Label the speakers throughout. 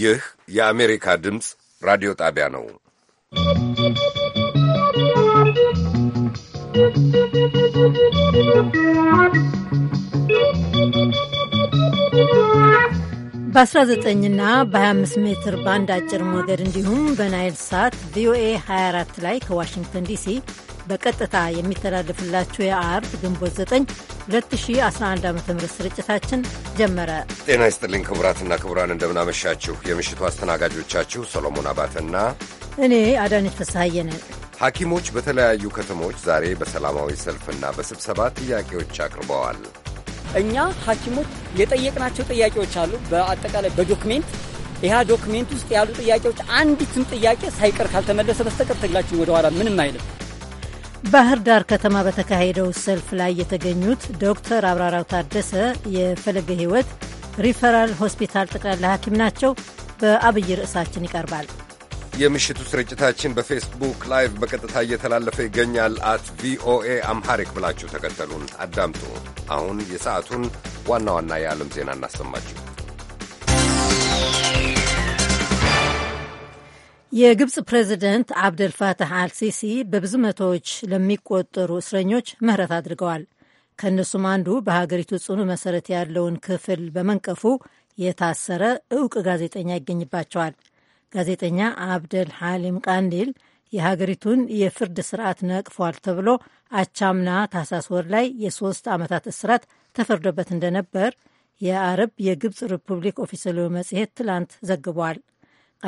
Speaker 1: ይህ የአሜሪካ ድምፅ ራዲዮ ጣቢያ ነው።
Speaker 2: በ19 ና በ25 ሜትር ባንድ አጭር ሞገድ እንዲሁም በናይል ሳት ቪኦኤ 24 ላይ ከዋሽንግተን ዲሲ በቀጥታ የሚተላለፍላችሁ የአርብ ግንቦት 9 2011 ዓ ም ስርጭታችን ጀመረ።
Speaker 1: ጤና ይስጥልኝ ክቡራትና ክቡራን፣ እንደምናመሻችሁ። የምሽቱ አስተናጋጆቻችሁ ሰሎሞን አባተና
Speaker 2: እኔ አዳነች ፍስሐዬ ነን።
Speaker 1: ሐኪሞች በተለያዩ ከተሞች ዛሬ በሰላማዊ ሰልፍና በስብሰባ ጥያቄዎች አቅርበዋል።
Speaker 3: እኛ ሐኪሞች የጠየቅናቸው ጥያቄዎች አሉ። በአጠቃላይ በዶክሜንት ይህ ዶክሜንት ውስጥ ያሉ ጥያቄዎች አንዲትም ጥያቄ ሳይቀር ካልተመለሰ በስተቀር ትግላችን ወደኋላ ምንም አይልም።
Speaker 2: ባህር ዳር ከተማ በተካሄደው ሰልፍ ላይ የተገኙት ዶክተር አብራራው ታደሰ የፈለገ ሕይወት ሪፈራል ሆስፒታል ጠቅላላ ሐኪም ናቸው። በአብይ ርዕሳችን ይቀርባል።
Speaker 1: የምሽቱ ስርጭታችን በፌስቡክ ላይቭ በቀጥታ እየተላለፈ ይገኛል። አት ቪኦኤ አምሃሪክ ብላችሁ ተከተሉን አዳምጡ። አሁን የሰዓቱን ዋና ዋና የዓለም ዜና እናሰማችሁ።
Speaker 2: የግብፅ ፕሬዚደንት አብደልፋታህ አልሲሲ በብዙ መቶዎች ለሚቆጠሩ እስረኞች ምህረት አድርገዋል። ከእነሱም አንዱ በሀገሪቱ ጽኑ መሰረት ያለውን ክፍል በመንቀፉ የታሰረ እውቅ ጋዜጠኛ ይገኝባቸዋል። ጋዜጠኛ አብደል ሐሊም ቃንዲል የሀገሪቱን የፍርድ ስርዓት ነቅፏል ተብሎ አቻምና ታህሳስ ወር ላይ የሶስት ዓመታት እስራት ተፈርዶበት እንደነበር የአረብ የግብፅ ሪፑብሊክ ኦፊሴላዊ መጽሔት ትላንት ዘግቧል።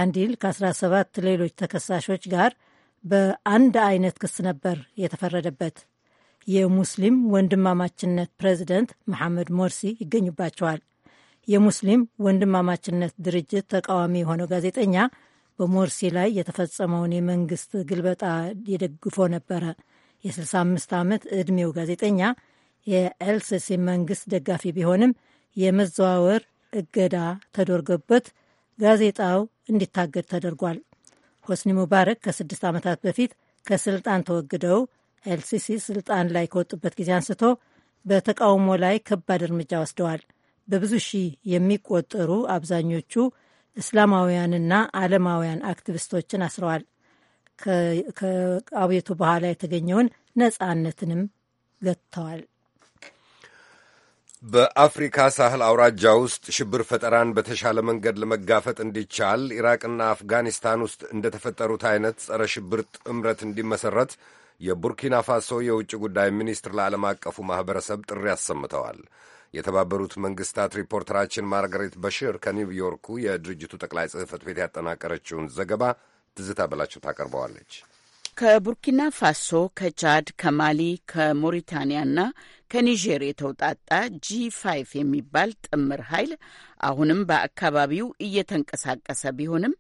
Speaker 2: አንዲል ከ17 ሌሎች ተከሳሾች ጋር በአንድ አይነት ክስ ነበር የተፈረደበት። የሙስሊም ወንድማማችነት ፕሬዚደንት መሐመድ ሞርሲ ይገኙባቸዋል። የሙስሊም ወንድማማችነት ድርጅት ተቃዋሚ የሆነው ጋዜጠኛ በሞርሲ ላይ የተፈጸመውን የመንግስት ግልበጣ የደግፎ ነበረ። የ65 ዓመት ዕድሜው ጋዜጠኛ የኤልሲሲ መንግስት ደጋፊ ቢሆንም የመዘዋወር እገዳ ተደርጎበት ጋዜጣው እንዲታገድ ተደርጓል። ሆስኒ ሙባረክ ከስድስት ዓመታት በፊት ከስልጣን ተወግደው ኤልሲሲ ስልጣን ላይ ከወጡበት ጊዜ አንስቶ በተቃውሞ ላይ ከባድ እርምጃ ወስደዋል። በብዙ ሺህ የሚቆጠሩ አብዛኞቹ እስላማውያንና ዓለማውያን አክቲቪስቶችን አስረዋል። ከአብዮቱ በኋላ የተገኘውን ነጻነትንም ገጥተዋል።
Speaker 1: በአፍሪካ ሳህል አውራጃ ውስጥ ሽብር ፈጠራን በተሻለ መንገድ ለመጋፈጥ እንዲቻል ኢራቅና አፍጋኒስታን ውስጥ እንደተፈጠሩት አይነት ጸረ ሽብር ጥምረት እንዲመሠረት የቡርኪና ፋሶ የውጭ ጉዳይ ሚኒስትር ለዓለም አቀፉ ማኅበረሰብ ጥሪ አሰምተዋል። የተባበሩት መንግስታት ሪፖርተራችን ማርጋሬት በሽር ከኒውዮርኩ የድርጅቱ ጠቅላይ ጽሕፈት ቤት ያጠናቀረችውን ዘገባ ትዝታ በላቸው ታቀርበዋለች።
Speaker 4: ከቡርኪና ፋሶ፣ ከቻድ፣ ከማሊ፣ ከሞሪታንያና ከኒጀር የተውጣጣ ጂ ፋይቭ የሚባል ጥምር ኃይል አሁንም በአካባቢው እየተንቀሳቀሰ ቢሆንም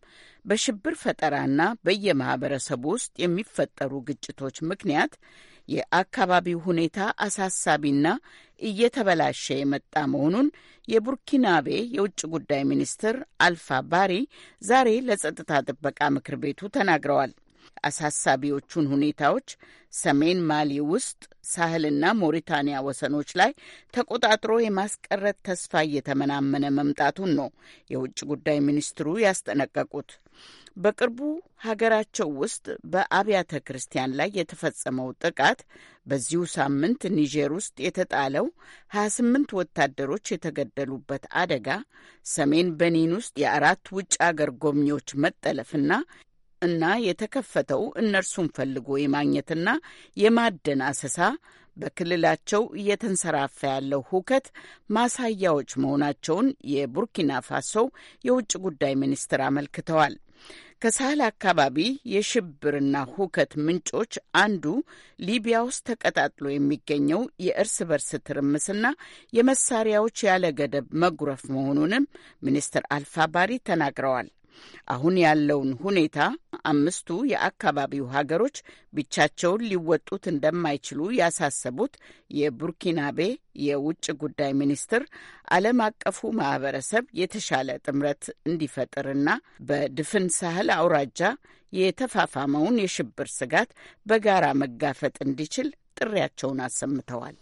Speaker 4: በሽብር ፈጠራና በየማህበረሰቡ ውስጥ የሚፈጠሩ ግጭቶች ምክንያት የአካባቢው ሁኔታ አሳሳቢና እየተበላሸ የመጣ መሆኑን የቡርኪናቤ የውጭ ጉዳይ ሚኒስትር አልፋ ባሪ ዛሬ ለጸጥታ ጥበቃ ምክር ቤቱ ተናግረዋል። አሳሳቢዎቹን ሁኔታዎች ሰሜን ማሊ ውስጥ ሳህልና ሞሪታንያ ወሰኖች ላይ ተቆጣጥሮ የማስቀረት ተስፋ እየተመናመነ መምጣቱን ነው የውጭ ጉዳይ ሚኒስትሩ ያስጠነቀቁት። በቅርቡ ሀገራቸው ውስጥ በአብያተ ክርስቲያን ላይ የተፈጸመው ጥቃት፣ በዚሁ ሳምንት ኒጀር ውስጥ የተጣለው 28 ወታደሮች የተገደሉበት አደጋ፣ ሰሜን በኒን ውስጥ የአራት ውጭ አገር ጎብኚዎች መጠለፍና እና የተከፈተው እነርሱን ፈልጎ የማግኘትና የማደን አሰሳ በክልላቸው እየተንሰራፋ ያለው ሁከት ማሳያዎች መሆናቸውን የቡርኪና ፋሶ የውጭ ጉዳይ ሚኒስትር አመልክተዋል። ከሳህል አካባቢ የሽብርና ሁከት ምንጮች አንዱ ሊቢያ ውስጥ ተቀጣጥሎ የሚገኘው የእርስ በርስ ትርምስና የመሳሪያዎች ያለ ገደብ መጉረፍ መሆኑንም ሚኒስትር አልፋ ባሪ ተናግረዋል። አሁን ያለውን ሁኔታ አምስቱ የአካባቢው ሀገሮች ብቻቸውን ሊወጡት እንደማይችሉ ያሳሰቡት የቡርኪናቤ የውጭ ጉዳይ ሚኒስትር ዓለም አቀፉ ማህበረሰብ የተሻለ ጥምረት እንዲፈጥርና በድፍን ሳህል አውራጃ የተፋፋመውን የሽብር ስጋት በጋራ መጋፈጥ እንዲችል ጥሪያቸውን አሰምተዋል።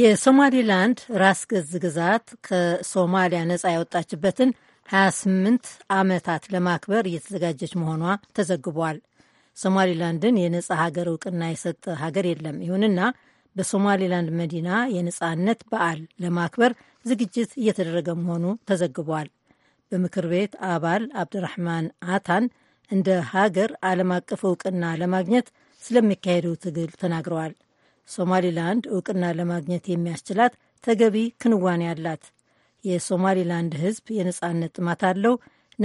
Speaker 2: የሶማሊላንድ ራስ ገዝ ግዛት ከሶማሊያ ነጻ ያወጣችበትን 28 ዓመታት ለማክበር እየተዘጋጀች መሆኗ ተዘግቧል። ሶማሊላንድን የነጻ ሀገር እውቅና የሰጠ ሀገር የለም። ይሁንና በሶማሊላንድ መዲና የነጻነት በዓል ለማክበር ዝግጅት እየተደረገ መሆኑ ተዘግቧል። በምክር ቤት አባል አብድራህማን አታን እንደ ሀገር ዓለም አቀፍ እውቅና ለማግኘት ስለሚካሄደው ትግል ተናግረዋል። ሶማሊላንድ እውቅና ለማግኘት የሚያስችላት ተገቢ ክንዋኔ አላት የሶማሊላንድ ህዝብ የነጻነት ጥማት አለው።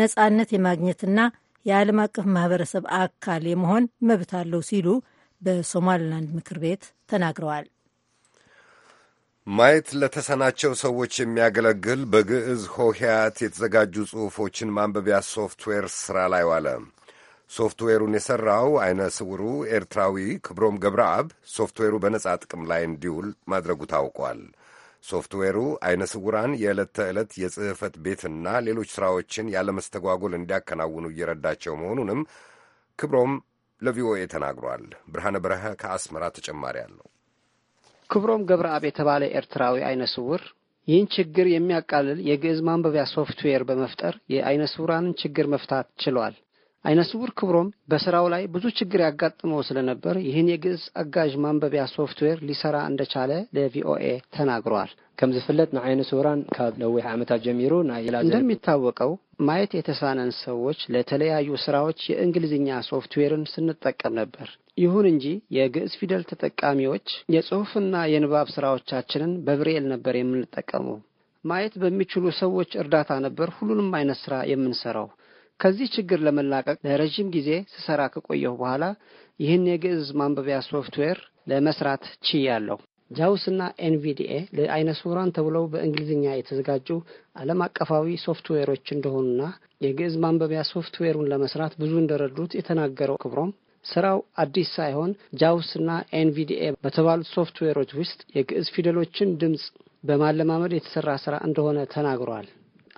Speaker 2: ነጻነት የማግኘትና የዓለም አቀፍ ማህበረሰብ አካል የመሆን መብት አለው ሲሉ በሶማሊላንድ ምክር ቤት ተናግረዋል።
Speaker 1: ማየት ለተሰናቸው ሰዎች የሚያገለግል በግዕዝ ሆሄያት የተዘጋጁ ጽሑፎችን ማንበቢያ ሶፍትዌር ሥራ ላይ ዋለ። ሶፍትዌሩን የሠራው ዐይነ ስውሩ ኤርትራዊ ክብሮም ገብረአብ ሶፍትዌሩ በነጻ ጥቅም ላይ እንዲውል ማድረጉ ታውቋል። ሶፍትዌሩ አይነ ስውራን የዕለት ተዕለት የጽሕፈት ቤትና ሌሎች ሥራዎችን ያለመስተጓጎል እንዲያከናውኑ እየረዳቸው መሆኑንም ክብሮም ለቪኦኤ ተናግሯል። ብርሃነ በረሀ ከአስመራ ተጨማሪ አለው።
Speaker 5: ክብሮም ገብረአብ የተባለ ኤርትራዊ አይነ ስውር ይህን ችግር የሚያቃልል የግዕዝ ማንበቢያ ሶፍትዌር በመፍጠር የአይነ ስውራንን ችግር መፍታት ችሏል። አይነ ስውር ክብሮም በስራው ላይ ብዙ ችግር ያጋጥመው ስለነበር ይህን የግዕዝ አጋዥ ማንበቢያ ሶፍትዌር ሊሰራ እንደቻለ ለቪኦኤ ተናግሯል። ከም ዝፍለጥ ንዓይነ ስውራን ካብ ነዊሕ ዓመታት ጀሚሩ እንደሚታወቀው ማየት የተሳነን ሰዎች ለተለያዩ ስራዎች የእንግሊዝኛ ሶፍትዌርን ስንጠቀም ነበር። ይሁን እንጂ የግዕዝ ፊደል ተጠቃሚዎች የጽሑፍና የንባብ ስራዎቻችንን በብርኤል ነበር የምንጠቀመው። ማየት በሚችሉ ሰዎች እርዳታ ነበር ሁሉንም አይነት ስራ የምንሰራው። ከዚህ ችግር ለመላቀቅ ለረዥም ጊዜ ስሰራ ከቆየሁ በኋላ ይህን የግዕዝ ማንበቢያ ሶፍትዌር ለመስራት ችያለሁ። ጃውስና ኤንቪዲኤ ለአይነ ስውራን ተብለው በእንግሊዝኛ የተዘጋጁ ዓለም አቀፋዊ ሶፍትዌሮች እንደሆኑና የግዕዝ ማንበቢያ ሶፍትዌሩን ለመስራት ብዙ እንደረዱት የተናገረው ክብሮም ስራው አዲስ ሳይሆን ጃውስና ኤንቪዲኤ በተባሉት ሶፍትዌሮች ውስጥ የግዕዝ ፊደሎችን ድምፅ በማለማመድ የተሰራ ስራ እንደሆነ ተናግሯል።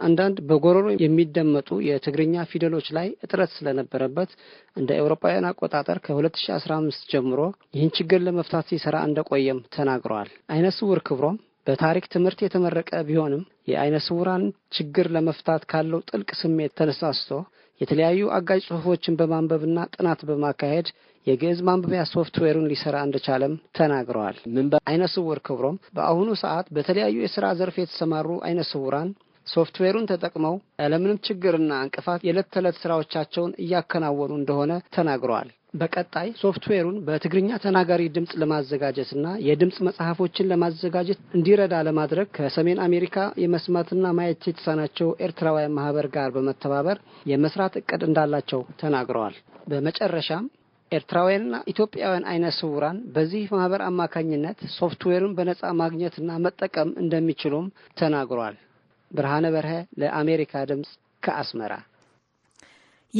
Speaker 5: አንዳንድ በጎሮሮ የሚደመጡ የትግርኛ ፊደሎች ላይ እጥረት ስለነበረበት እንደ አውሮፓውያን አቆጣጠር ከ2015 ጀምሮ ይህን ችግር ለመፍታት ሲሰራ እንደቆየም ተናግረዋል። አይነ ስውር ክብሮም በታሪክ ትምህርት የተመረቀ ቢሆንም የአይነ ስውራን ችግር ለመፍታት ካለው ጥልቅ ስሜት ተነሳስቶ የተለያዩ አጋጅ ጽሁፎችን በማንበብና ጥናት በማካሄድ የግዕዝ ማንበቢያ ሶፍትዌሩን ሊሰራ እንደቻለም ተናግረዋል። አይነ ስውር ክብሮም በአሁኑ ሰዓት በተለያዩ የስራ ዘርፍ የተሰማሩ አይነ ስውራን ሶፍትዌሩን ተጠቅመው ያለምንም ችግርና እንቅፋት የዕለት ተዕለት ስራዎቻቸውን እያከናወኑ እንደሆነ ተናግረዋል። በቀጣይ ሶፍትዌሩን በትግርኛ ተናጋሪ ድምፅ ለማዘጋጀትና የድምፅ መጽሐፎችን ለማዘጋጀት እንዲረዳ ለማድረግ ከሰሜን አሜሪካ የመስማትና ማየት የተሳናቸው ኤርትራውያን ማህበር ጋር በመተባበር የመስራት እቅድ እንዳላቸው ተናግረዋል። በመጨረሻም ኤርትራውያንና ኢትዮጵያውያን አይነ ስውራን በዚህ ማህበር አማካኝነት ሶፍትዌሩን በነጻ ማግኘትና መጠቀም እንደሚችሉም ተናግሯል። ብርሃነ በርሀ ለአሜሪካ ድምፅ ከአስመራ።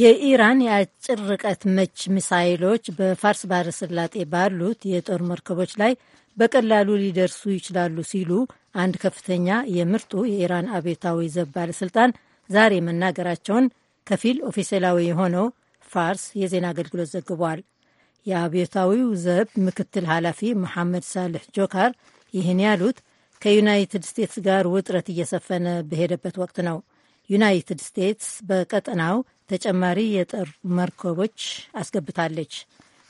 Speaker 2: የኢራን የአጭር ርቀት መች ሚሳይሎች በፋርስ ባህረ ሰላጤ ባሉት የጦር መርከቦች ላይ በቀላሉ ሊደርሱ ይችላሉ ሲሉ አንድ ከፍተኛ የምርጡ የኢራን አብዮታዊ ዘብ ባለስልጣን ዛሬ መናገራቸውን ከፊል ኦፊሴላዊ የሆነው ፋርስ የዜና አገልግሎት ዘግቧል። የአብዮታዊው ዘብ ምክትል ኃላፊ መሐመድ ሳልሕ ጆካር ይህን ያሉት ከዩናይትድ ስቴትስ ጋር ውጥረት እየሰፈነ በሄደበት ወቅት ነው። ዩናይትድ ስቴትስ በቀጠናው ተጨማሪ የጦር መርከቦች አስገብታለች።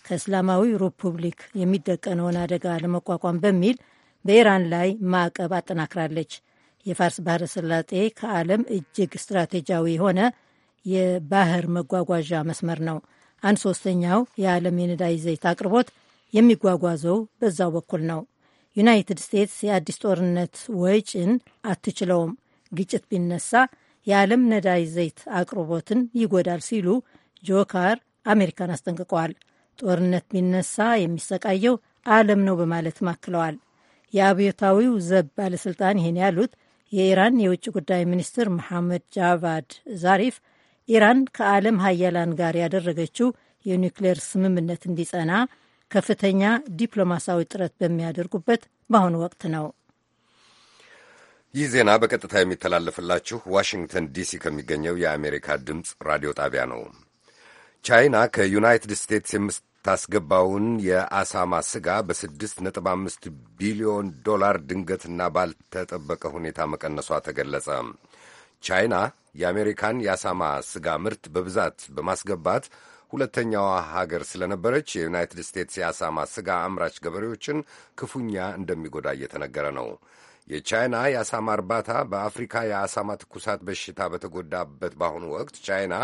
Speaker 2: ከእስላማዊ ሪፑብሊክ የሚደቀነውን አደጋ ለመቋቋም በሚል በኢራን ላይ ማዕቀብ አጠናክራለች። የፋርስ ባህረ ሰላጤ ከዓለም እጅግ ስትራቴጂያዊ የሆነ የባህር መጓጓዣ መስመር ነው። አንድ ሶስተኛው የዓለም የነዳጅ ዘይት አቅርቦት የሚጓጓዘው በዛው በኩል ነው። ዩናይትድ ስቴትስ የአዲስ ጦርነት ወጪን አትችለውም፣ ግጭት ቢነሳ የዓለም ነዳጅ ዘይት አቅርቦትን ይጎዳል ሲሉ ጆካር አሜሪካን አስጠንቅቀዋል። ጦርነት ቢነሳ የሚሰቃየው ዓለም ነው በማለትም አክለዋል። የአብዮታዊው ዘብ ባለሥልጣን ይህን ያሉት የኢራን የውጭ ጉዳይ ሚኒስትር መሐመድ ጃቫድ ዛሪፍ ኢራን ከዓለም ሀያላን ጋር ያደረገችው የኒውክሌር ስምምነት እንዲጸና ከፍተኛ ዲፕሎማሲያዊ ጥረት በሚያደርጉበት በአሁኑ ወቅት ነው።
Speaker 1: ይህ ዜና በቀጥታ የሚተላለፍላችሁ ዋሽንግተን ዲሲ ከሚገኘው የአሜሪካ ድምፅ ራዲዮ ጣቢያ ነው። ቻይና ከዩናይትድ ስቴትስ የምታስገባውን የአሳማ ስጋ በስድስት ነጥብ አምስት ቢሊዮን ዶላር ድንገትና ባልተጠበቀ ሁኔታ መቀነሷ ተገለጸ። ቻይና የአሜሪካን የአሳማ ስጋ ምርት በብዛት በማስገባት ሁለተኛዋ ሀገር ስለነበረች የዩናይትድ ስቴትስ የአሳማ ስጋ አምራች ገበሬዎችን ክፉኛ እንደሚጎዳ እየተነገረ ነው። የቻይና የአሳማ እርባታ በአፍሪካ የአሳማ ትኩሳት በሽታ በተጎዳበት በአሁኑ ወቅት ቻይና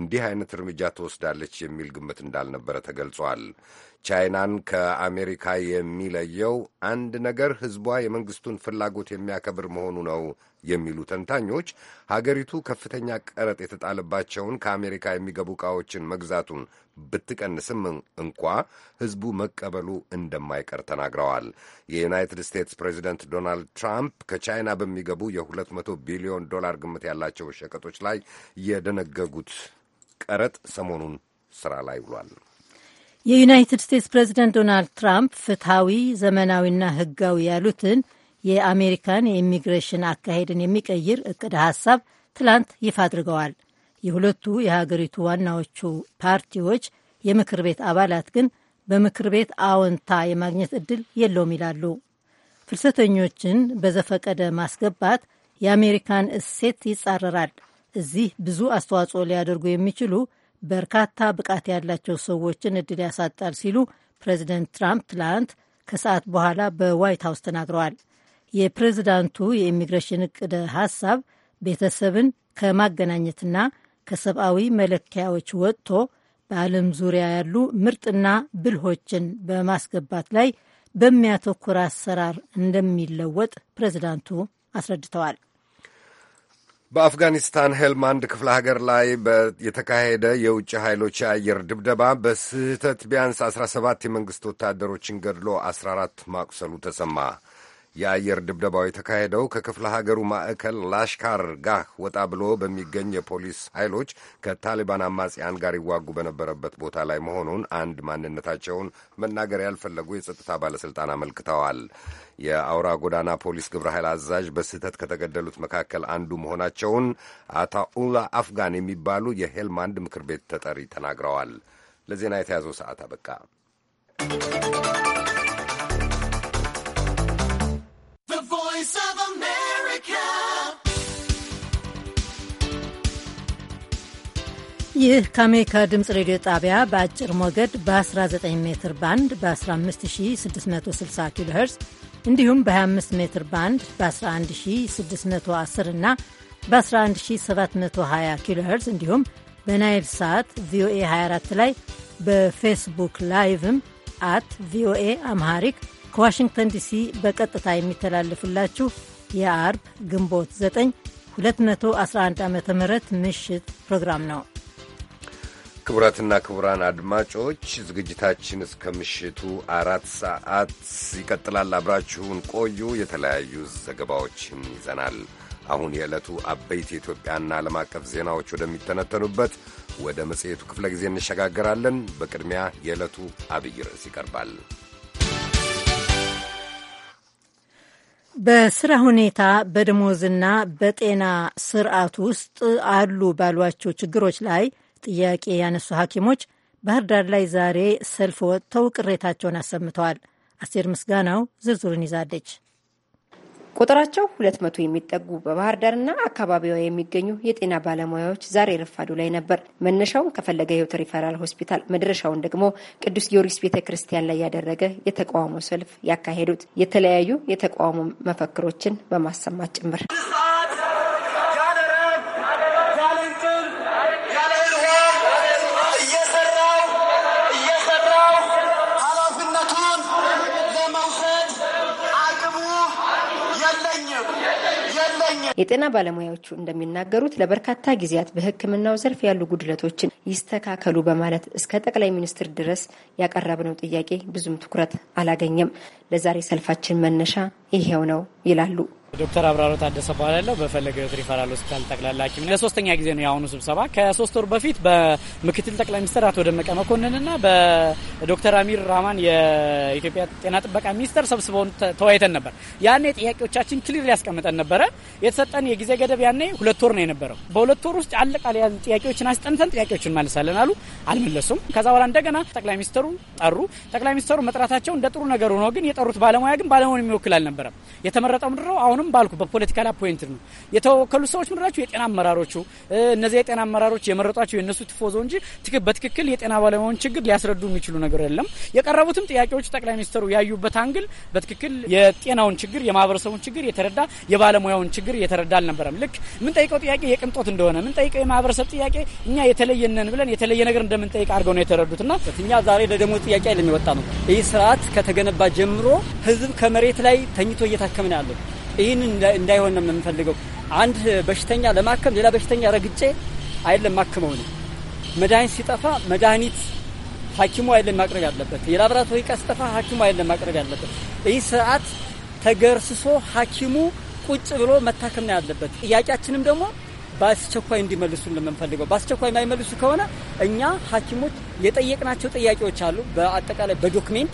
Speaker 1: እንዲህ አይነት እርምጃ ትወስዳለች የሚል ግምት እንዳልነበረ ተገልጿል። ቻይናን ከአሜሪካ የሚለየው አንድ ነገር ሕዝቧ የመንግስቱን ፍላጎት የሚያከብር መሆኑ ነው የሚሉ ተንታኞች ሀገሪቱ ከፍተኛ ቀረጥ የተጣለባቸውን ከአሜሪካ የሚገቡ ዕቃዎችን መግዛቱን ብትቀንስም እንኳ ሕዝቡ መቀበሉ እንደማይቀር ተናግረዋል። የዩናይትድ ስቴትስ ፕሬዚደንት ዶናልድ ትራምፕ ከቻይና በሚገቡ የ200 ቢሊዮን ዶላር ግምት ያላቸው ሸቀጦች ላይ የደነገጉት ቀረጥ ሰሞኑን ስራ ላይ ውሏል።
Speaker 2: የዩናይትድ ስቴትስ ፕሬዚደንት ዶናልድ ትራምፕ ፍትሐዊ፣ ዘመናዊና ህጋዊ ያሉትን የአሜሪካን የኢሚግሬሽን አካሄድን የሚቀይር እቅደ ሀሳብ ትላንት ይፋ አድርገዋል። የሁለቱ የሀገሪቱ ዋናዎቹ ፓርቲዎች የምክር ቤት አባላት ግን በምክር ቤት አዎንታ የማግኘት እድል የለውም ይላሉ። ፍልሰተኞችን በዘፈቀደ ማስገባት የአሜሪካን እሴት ይጻረራል፣ እዚህ ብዙ አስተዋጽኦ ሊያደርጉ የሚችሉ በርካታ ብቃት ያላቸው ሰዎችን እድል ያሳጣል ሲሉ ፕሬዚደንት ትራምፕ ትላንት ከሰዓት በኋላ በዋይት ሀውስ ተናግረዋል። የፕሬዚዳንቱ የኢሚግሬሽን እቅድ ሀሳብ ቤተሰብን ከማገናኘትና ከሰብአዊ መለኪያዎች ወጥቶ በዓለም ዙሪያ ያሉ ምርጥና ብልሆችን በማስገባት ላይ በሚያተኩር አሰራር እንደሚለወጥ ፕሬዚዳንቱ አስረድተዋል።
Speaker 1: በአፍጋኒስታን ሄልማንድ ክፍለ ሀገር ላይ የተካሄደ የውጭ ኃይሎች የአየር ድብደባ በስህተት ቢያንስ 17 የመንግሥት ወታደሮችን ገድሎ 14 ማቁሰሉ ተሰማ። የአየር ድብደባው የተካሄደው ከክፍለ ሀገሩ ማዕከል ላሽካር ጋህ ወጣ ብሎ በሚገኝ የፖሊስ ኃይሎች ከታሊባን አማጽያን ጋር ይዋጉ በነበረበት ቦታ ላይ መሆኑን አንድ ማንነታቸውን መናገር ያልፈለጉ የጸጥታ ባለሥልጣን አመልክተዋል። የአውራ ጎዳና ፖሊስ ግብረ ኃይል አዛዥ በስህተት ከተገደሉት መካከል አንዱ መሆናቸውን አታኡላ አፍጋን የሚባሉ የሄልማንድ ምክር ቤት ተጠሪ ተናግረዋል። ለዜና የተያዘው ሰዓት አበቃ።
Speaker 2: ይህ ከአሜሪካ ድምፅ ሬዲዮ ጣቢያ በአጭር ሞገድ በ19 ሜትር ባንድ በ15660 ኪሎ ሄርዝ እንዲሁም በ25 ሜትር ባንድ በ11610 እና በ11720 ኪሎ ሄርዝ እንዲሁም በናይል ሳት ቪኦኤ 24 ላይ በፌስቡክ ላይቭም አት ቪኦኤ አምሃሪክ ከዋሽንግተን ዲሲ በቀጥታ የሚተላለፍላችሁ የአርብ ግንቦት 9 211 ዓ ም ምሽት ፕሮግራም ነው።
Speaker 1: ክቡራትና ክቡራን አድማጮች ዝግጅታችን እስከ ምሽቱ አራት ሰዓት ይቀጥላል። አብራችሁን ቆዩ። የተለያዩ ዘገባዎችን ይዘናል። አሁን የዕለቱ አበይት የኢትዮጵያና ዓለም አቀፍ ዜናዎች ወደሚተነተኑበት ወደ መጽሔቱ ክፍለ ጊዜ እንሸጋገራለን። በቅድሚያ የዕለቱ አብይ ርዕስ ይቀርባል።
Speaker 2: በስራ ሁኔታ በደሞዝና በጤና ስርዓት ውስጥ አሉ ባሏቸው ችግሮች ላይ ጥያቄ ያነሱ ሐኪሞች ባህር ዳር ላይ ዛሬ ሰልፍ ወጥተው ቅሬታቸውን አሰምተዋል። አስቴር ምስጋናው ዝርዝሩን ይዛለች። ቁጥራቸው ሁለት መቶ የሚጠጉ በባህር ዳርና አካባቢዋ
Speaker 6: የሚገኙ የጤና ባለሙያዎች ዛሬ ረፋዱ ላይ ነበር። መነሻውን ከፈለገ ህይወት ሪፈራል ሆስፒታል መድረሻውን ደግሞ ቅዱስ ጊዮርጊስ ቤተ ክርስቲያን ላይ ያደረገ የተቃውሞ ሰልፍ ያካሄዱት የተለያዩ የተቃውሞ መፈክሮችን በማሰማት ጭምር የጤና ባለሙያዎቹ እንደሚናገሩት ለበርካታ ጊዜያት በሕክምናው ዘርፍ ያሉ ጉድለቶችን ይስተካከሉ በማለት እስከ ጠቅላይ ሚኒስትር ድረስ ያቀረብነው ጥያቄ ብዙም ትኩረት አላገኘም። ለዛሬ ሰልፋችን መነሻ ይሄው ነው ይላሉ።
Speaker 3: ዶክተር አብራሮ ታደሰ እባላለሁ። በፈለገ ሕይወት ሪፈራል ሆስፒታል ጠቅላላ ሐኪም ለሶስተኛ ጊዜ ነው የአሁኑ ስብሰባ። ከሶስት ወር በፊት በምክትል ጠቅላይ ሚኒስትር አቶ ደመቀ መኮንንና በዶክተር አሚር ራማን የኢትዮጵያ ጤና ጥበቃ ሚኒስተር ሰብስበውን ተወያይተን ነበር። ያኔ ጥያቄዎቻችን ክሊር ሊያስቀምጠን ነበረ። የተሰጠን የጊዜ ገደብ ያኔ ሁለት ወር ነው የነበረው። በሁለት ወር ውስጥ አለቃ ሊያዝ ጥያቄዎችን አስጠንተን ጥያቄዎችን መልሳለን አሉ። አልመለሱም። ከዛ በኋላ እንደገና ጠቅላይ ሚኒስተሩ ጠሩ። ጠቅላይ ሚኒስተሩ መጥራታቸው እንደ ጥሩ ነገር ሆኖ ግን የጠሩት ባለሙያ ግን ባለሙያን የሚወክል አልነበረም። የተመረጠው ምድረው አሁንም አሁንም ባልኩ በፖለቲካል አፖይንትድ ነው የተወከሉ ሰዎች ምንላቸው የጤና አመራሮቹ እነዚያ የጤና አመራሮች የመረጧቸው የእነሱ ትፎዞ እንጂ በትክክል የጤና ባለሙያውን ችግር ሊያስረዱ የሚችሉ ነገር የለም። የቀረቡትም ጥያቄዎች ጠቅላይ ሚኒስትሩ ያዩበት አንግል በትክክል የጤናውን ችግር የማህበረሰቡን ችግር የተረዳ የባለሙያውን ችግር የተረዳ አልነበረም። ልክ የምንጠይቀው ጥያቄ የቅንጦት እንደሆነ የምንጠይቀው የማህበረሰብ ጥያቄ እኛ የተለየነን ብለን የተለየ ነገር እንደምንጠይቅ አድርገው ነው የተረዱት ና እኛ ዛሬ ለደሞዝ ጥያቄ አይደለም የወጣ ነው። ይህ ስርዓት ከተገነባ ጀምሮ ህዝብ ከመሬት ላይ ተኝቶ እየታከምን ያለው ይህን እንዳይሆን ነው የምንፈልገው። አንድ በሽተኛ ለማከም ሌላ በሽተኛ ረግጬ አይደለም ማክመው ነው። መድኃኒት ሲጠፋ መድኃኒት ሐኪሙ አይደለም ማቅረብ ያለበት። የላብራቶሪ ዕቃ ሲጠፋ ሐኪሙ አይደለም ማቅረብ ያለበት። ይህ ስርዓት ተገርስሶ ሐኪሙ ቁጭ ብሎ መታከም ነው ያለበት። ጥያቄያችንም ደግሞ በአስቸኳይ እንዲመልሱ ለምንፈልገው በአስቸኳይ የማይመልሱ ከሆነ እኛ ሐኪሞች የጠየቅናቸው ጥያቄዎች አሉ። በአጠቃላይ በዶክሜንት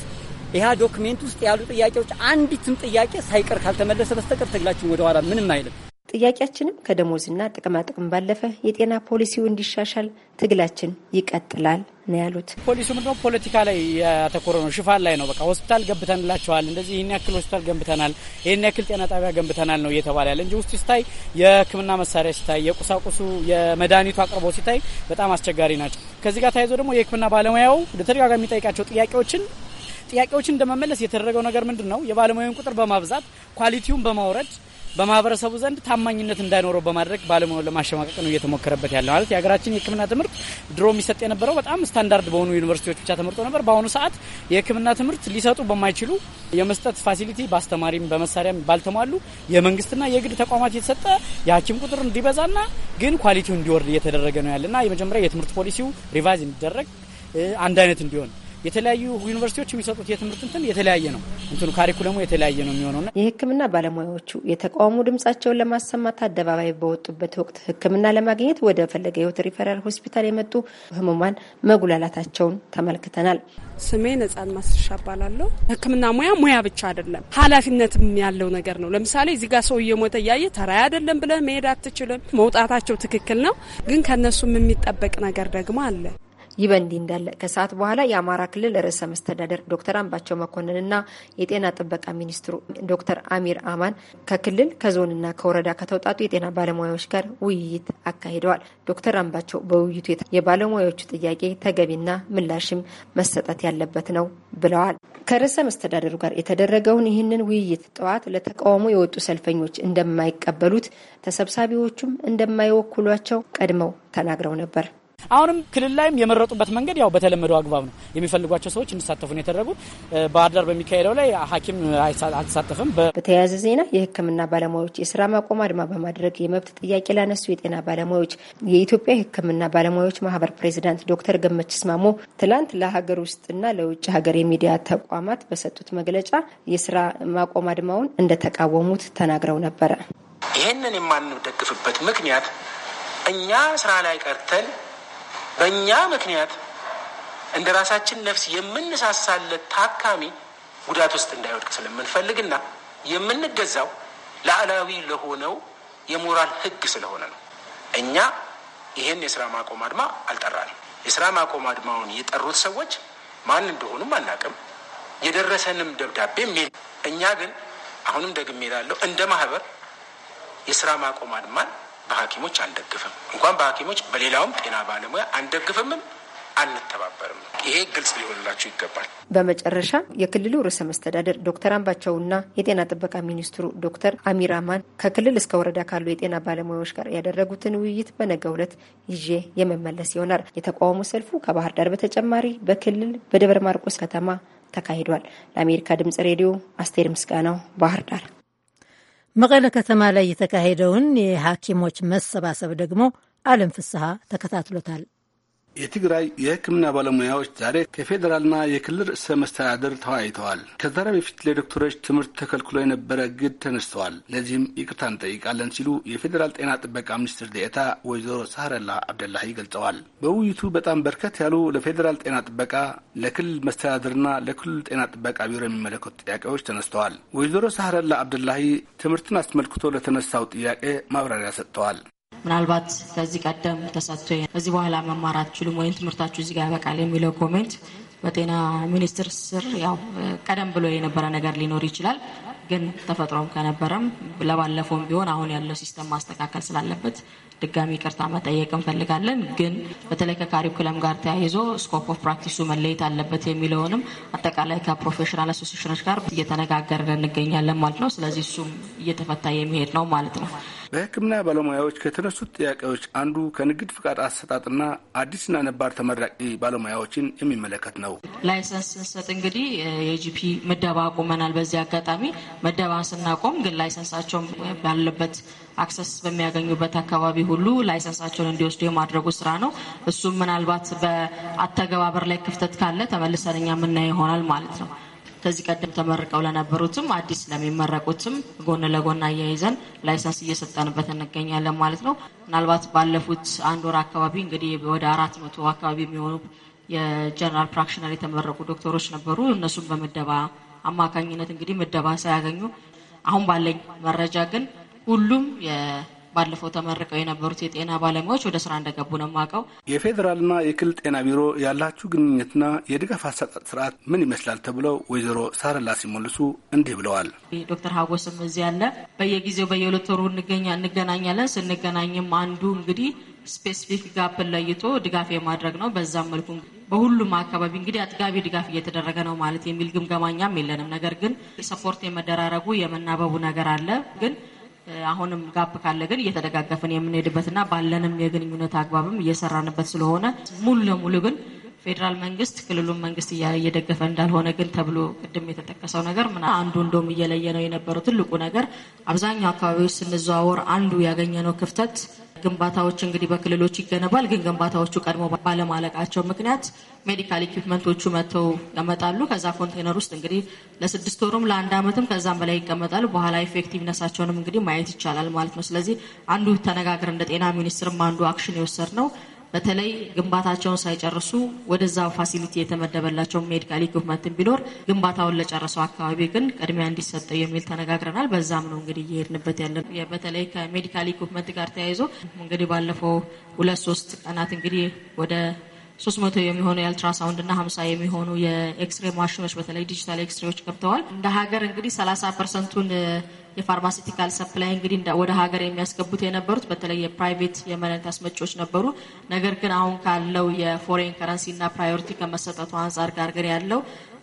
Speaker 3: ይህ ዶክሜንት ውስጥ ያሉ ጥያቄዎች አንዲትም ጥያቄ ሳይቀር ካልተመለሰ በስተቀር ትግላችን ወደኋላ ምንም አይልም።
Speaker 6: ጥያቄያችንም ከደሞዝና ጥቅማጥቅም ባለፈ የጤና ፖሊሲው እንዲሻሻል ትግላችን ይቀጥላል ነው ያሉት።
Speaker 3: ፖሊሲው ነው? ፖለቲካ ላይ ያተኮረ ነው፣ ሽፋን ላይ ነው። በቃ ሆስፒታል ገንብተንላቸዋል፣ እንደዚህ ይህን ያክል ሆስፒታል ገንብተናል፣ ይህን ያክል ጤና ጣቢያ ገንብተናል ነው እየተባለ ያለ እንጂ ውስጥ ሲታይ የሕክምና መሳሪያ ሲታይ፣ የቁሳቁሱ የመድኃኒቱ አቅርቦ ሲታይ በጣም አስቸጋሪ ናቸው። ከዚህ ጋር ተያይዞ ደግሞ የሕክምና ባለሙያው ተደጋጋሚ የሚጠይቃቸው ጥያቄዎችን ጥያቄዎችን እንደመመለስ የተደረገው ነገር ምንድን ነው? የባለሙያውን ቁጥር በማብዛት ኳሊቲውን በማውረድ በማህበረሰቡ ዘንድ ታማኝነት እንዳይኖረው በማድረግ ባለሙያውን ለማሸማቀቅ ነው እየተሞከረበት ያለ። ማለት የሀገራችን የሕክምና ትምህርት ድሮ የሚሰጥ የነበረው በጣም ስታንዳርድ በሆኑ ዩኒቨርሲቲዎች ብቻ ተመርጦ ነበር። በአሁኑ ሰዓት የሕክምና ትምህርት ሊሰጡ በማይችሉ የመስጠት ፋሲሊቲ በአስተማሪም በመሳሪያም ባልተሟሉ የመንግስትና የግድ ተቋማት የተሰጠ የሐኪም ቁጥር እንዲበዛና ግን ኳሊቲው እንዲወርድ እየተደረገ ነው ያለና የመጀመሪያ የትምህርት ፖሊሲው ሪቫይዝ እንዲደረግ አንድ አይነት እንዲሆን የተለያዩ ዩኒቨርሲቲዎች የሚሰጡት የትምህርት እንትን የተለያየ ነው። እንትኑ ካሪኩለሙ የተለያየ ነው የሚሆነውና
Speaker 6: የሕክምና ባለሙያዎቹ የተቃውሞ ድምጻቸውን ለማሰማት አደባባይ በወጡበት ወቅት ሕክምና ለማግኘት ወደ ፈለገ ሕይወት ሪፈራል ሆስፒታል የመጡ ህሙማን መጉላላታቸውን ተመልክተናል።
Speaker 5: ስሜ ነጻን ማስሻ እባላለሁ። ሕክምና ሙያ ሙያ ብቻ አይደለም ኃላፊነትም ያለው ነገር ነው። ለምሳሌ እዚህ ጋር ሰው እየሞተ እያየ ተራይ አይደለም ብለህ መሄድ አትችልም። መውጣታቸው ትክክል ነው፣ ግን ከእነሱም የሚጠበቅ ነገር ደግሞ አለ። ይህ በእንዲህ እንዳለ ከሰዓት
Speaker 6: በኋላ የአማራ ክልል ርዕሰ መስተዳደር ዶክተር አምባቸው መኮንንና የጤና ጥበቃ ሚኒስትሩ ዶክተር አሚር አማን ከክልል ከዞንና ከወረዳ ከተውጣጡ የጤና ባለሙያዎች ጋር ውይይት አካሂደዋል። ዶክተር አምባቸው በውይይቱ የባለሙያዎቹ ጥያቄ ተገቢና ምላሽም መሰጠት ያለበት ነው ብለዋል። ከርዕሰ መስተዳደሩ ጋር የተደረገውን ይህንን ውይይት ጠዋት ለተቃውሞ የወጡ ሰልፈኞች እንደማይቀበሉት ተሰብሳቢዎቹም እንደማይወክሏቸው ቀድመው ተናግረው ነበር።
Speaker 3: አሁንም ክልል ላይም የመረጡበት መንገድ ያው በተለመደው አግባብ ነው። የሚፈልጓቸው ሰዎች እንዲሳተፉ ነው የተደረጉት። ባህር ዳር በሚካሄደው ላይ ሐኪም አልተሳተፈም።
Speaker 6: በተያያዘ ዜና የሕክምና ባለሙያዎች የስራ ማቆም አድማ በማድረግ የመብት ጥያቄ ላነሱ የጤና ባለሙያዎች የኢትዮጵያ የሕክምና ባለሙያዎች ማህበር ፕሬዚዳንት ዶክተር ገመችስ ማሞ ትላንት ለሀገር ውስጥና ለውጭ ሀገር የሚዲያ ተቋማት በሰጡት መግለጫ የስራ ማቆም አድማውን እንደተቃወሙት ተናግረው ነበረ።
Speaker 7: ይህንን የማንደግፍበት ምክንያት እኛ ስራ ላይ ቀርተን በእኛ ምክንያት እንደ ራሳችን ነፍስ የምንሳሳለት ታካሚ ጉዳት ውስጥ እንዳይወድቅ ስለምንፈልግና የምንገዛው ላዕላዊ ለሆነው የሞራል ሕግ ስለሆነ ነው። እኛ ይህን የስራ ማቆም አድማ አልጠራንም። የስራ ማቆም አድማውን የጠሩት ሰዎች ማን እንደሆኑም አናቅም። የደረሰንም ደብዳቤ የሚል እኛ ግን አሁንም ደግሜ እላለሁ እንደ ማህበር የስራ ማቆም አድማን በሐኪሞች አንደግፍም። እንኳን በሐኪሞች በሌላውም ጤና ባለሙያ አንደግፍምም አንተባበርም። ይሄ ግልጽ ሊሆንላችሁ ይገባል።
Speaker 6: በመጨረሻ የክልሉ ርዕሰ መስተዳደር ዶክተር አምባቸውና የጤና ጥበቃ ሚኒስትሩ ዶክተር አሚር አማን ከክልል እስከ ወረዳ ካሉ የጤና ባለሙያዎች ጋር ያደረጉትን ውይይት በነገው ዕለት ይዤ የመመለስ ይሆናል። የተቃውሞ ሰልፉ ከባህር ዳር በተጨማሪ በክልል በደብረ ማርቆስ ከተማ ተካሂዷል። ለአሜሪካ ድምጽ ሬዲዮ አስቴር ምስጋናው
Speaker 2: ባህር ዳር መቀለ ከተማ ላይ የተካሄደውን የሐኪሞች መሰባሰብ ደግሞ አለም ፍስሐ ተከታትሎታል።
Speaker 8: የትግራይ የሕክምና ባለሙያዎች ዛሬ ከፌዴራልና የክልል ርዕሰ መስተዳድር ተወያይተዋል። ከዛሬ በፊት ለዶክተሮች ትምህርት ተከልክሎ የነበረ ግድ ተነስተዋል። ለዚህም ይቅርታ እንጠይቃለን ሲሉ የፌዴራል ጤና ጥበቃ ሚኒስትር ዴኤታ ወይዘሮ ሳህረላ አብደላሂ ገልጸዋል። በውይይቱ በጣም በርከት ያሉ ለፌዴራል ጤና ጥበቃ፣ ለክልል መስተዳድርና ለክልል ጤና ጥበቃ ቢሮ የሚመለከቱ ጥያቄዎች ተነስተዋል። ወይዘሮ ሳህረላ አብደላሂ ትምህርትን አስመልክቶ ለተነሳው ጥያቄ ማብራሪያ ሰጥተዋል።
Speaker 9: ምናልባት ከዚህ ቀደም ተሰጥቶ ከዚህ በኋላ መማር አትችሉም ወይም ትምህርታችሁ እዚጋ ያበቃል የሚለው ኮሜንት በጤና ሚኒስቴር ስር ያው ቀደም ብሎ የነበረ ነገር ሊኖር ይችላል። ግን ተፈጥሮም ከነበረም ለባለፈውም ቢሆን አሁን ያለው ሲስተም ማስተካከል ስላለበት ድጋሚ ቅርታ መጠየቅ እንፈልጋለን። ግን በተለይ ከካሪኩለም ጋር ተያይዞ ስኮፕ ኦፍ ፕራክቲሱ መለየት አለበት የሚለውንም አጠቃላይ ከፕሮፌሽናል አሶሲሽኖች ጋር እየተነጋገርን እንገኛለን ማለት ነው። ስለዚህ እሱም እየተፈታ የሚሄድ ነው ማለት ነው።
Speaker 8: በሕክምና ባለሙያዎች ከተነሱት ጥያቄዎች አንዱ ከንግድ ፍቃድ አሰጣጥና አዲስና ነባር ተመራቂ ባለሙያዎችን የሚመለከት ነው።
Speaker 9: ላይሰንስ ስንሰጥ እንግዲህ የጂፒ ምደባ አቁመናል። በዚህ አጋጣሚ መደባ ስናቆም ግን ላይሰንሳቸውም ባለበት አክሰስ በሚያገኙበት አካባቢ ሁሉ ላይሰንሳቸውን እንዲወስዱ የማድረጉ ስራ ነው። እሱም ምናልባት በአተገባበር ላይ ክፍተት ካለ ተመልሰን እኛ የምናየው ይሆናል ማለት ነው። ከዚህ ቀደም ተመርቀው ለነበሩትም አዲስ ለሚመረቁትም ጎን ለጎን አያይዘን ላይሰንስ እየሰጠንበት እንገኛለን ማለት ነው። ምናልባት ባለፉት አንድ ወር አካባቢ እንግዲህ ወደ አራት መቶ አካባቢ የሚሆኑ የጀነራል ፕራክሽነር የተመረቁ ዶክተሮች ነበሩ። እነሱም በምደባ አማካኝነት እንግዲህ ምደባ ሳያገኙ አሁን ባለኝ መረጃ ግን ሁሉም ባለፈው ተመርቀው የነበሩት የጤና ባለሙያዎች ወደ ስራ እንደገቡ ነው የማውቀው።
Speaker 8: የፌዴራልና የክልል ጤና ቢሮ ያላችሁ ግንኙነትና የድጋፍ አሰጣጥ ስርዓት ምን ይመስላል ተብለው ወይዘሮ ሳረላ ሲመልሱ እንዲህ ብለዋል።
Speaker 9: ዶክተር ሀጎስም እዚህ ያለ በየጊዜው በየሁለት ወሩ እንገናኛለን። ስንገናኝም አንዱ እንግዲህ ስፔሲፊክ ጋፕን ለይቶ ድጋፍ የማድረግ ነው። በዛም መልኩ በሁሉም አካባቢ እንግዲህ አጥጋቢ ድጋፍ እየተደረገ ነው ማለት የሚል ግምገማኛም የለንም። ነገር ግን ሰፖርት የመደራረጉ የመናበቡ ነገር አለ ግን አሁንም ጋፕ ካለ ግን እየተደጋገፍን የምንሄድበትና ባለንም የግንኙነት አግባብም እየሰራንበት ስለሆነ ሙሉ ለሙሉ ግን ፌዴራል መንግስት ክልሉን መንግስት እየደገፈ እንዳልሆነ ግን ተብሎ ቅድም የተጠቀሰው ነገር ምና አንዱ እንደም እየለየ ነው የነበረው ትልቁ ነገር አብዛኛው አካባቢዎች ስንዘዋወር አንዱ ያገኘነው ክፍተት ግንባታዎች እንግዲህ በክልሎች ይገነባል። ግን ግንባታዎቹ ቀድሞ ባለማለቃቸው ምክንያት ሜዲካል ኢኩፕመንቶቹ መጥተው ይቀመጣሉ። ከዛ ኮንቴነር ውስጥ እንግዲህ ለስድስት ወሩም ለአንድ ዓመትም ከዛም በላይ ይቀመጣሉ። በኋላ ኢፌክቲቭነሳቸውንም እንግዲህ ማየት ይቻላል ማለት ነው። ስለዚህ አንዱ ተነጋግር እንደ ጤና ሚኒስትርም አንዱ አክሽን የወሰድ ነው በተለይ ግንባታቸውን ሳይጨርሱ ወደዛው ፋሲሊቲ የተመደበላቸው ሜዲካል ኢኩፕመንትን ቢኖር ግንባታውን ለጨረሰው አካባቢ ግን ቅድሚያ እንዲሰጠው የሚል ተነጋግረናል። በዛም ነው እንግዲህ እየሄድንበት ያለ በተለይ ከሜዲካል ኢኩፕመንት ጋር ተያይዞ እንግዲህ ባለፈው ሁለት ሶስት ቀናት እንግዲህ ወደ መቶ የሚሆኑ የአልትራሳውንድ እና ሀምሳ የሚሆኑ የኤክስሬ ማሽኖች በተለይ ዲጂታል ኤክስሬዎች ገብተዋል። እንደ ሀገር እንግዲህ ሰላሳ ፐርሰንቱን የፋርማሲቲካል ሰፕላይ እንግዲህ ወደ ሀገር የሚያስገቡት የነበሩት በተለይ የፕራይቬት የመድኃኒት አስመጪዎች ነበሩ። ነገር ግን አሁን ካለው የፎሬን ከረንሲ እና ፕራዮሪቲ ከመሰጠቱ አንጻር ጋር ግን ያለው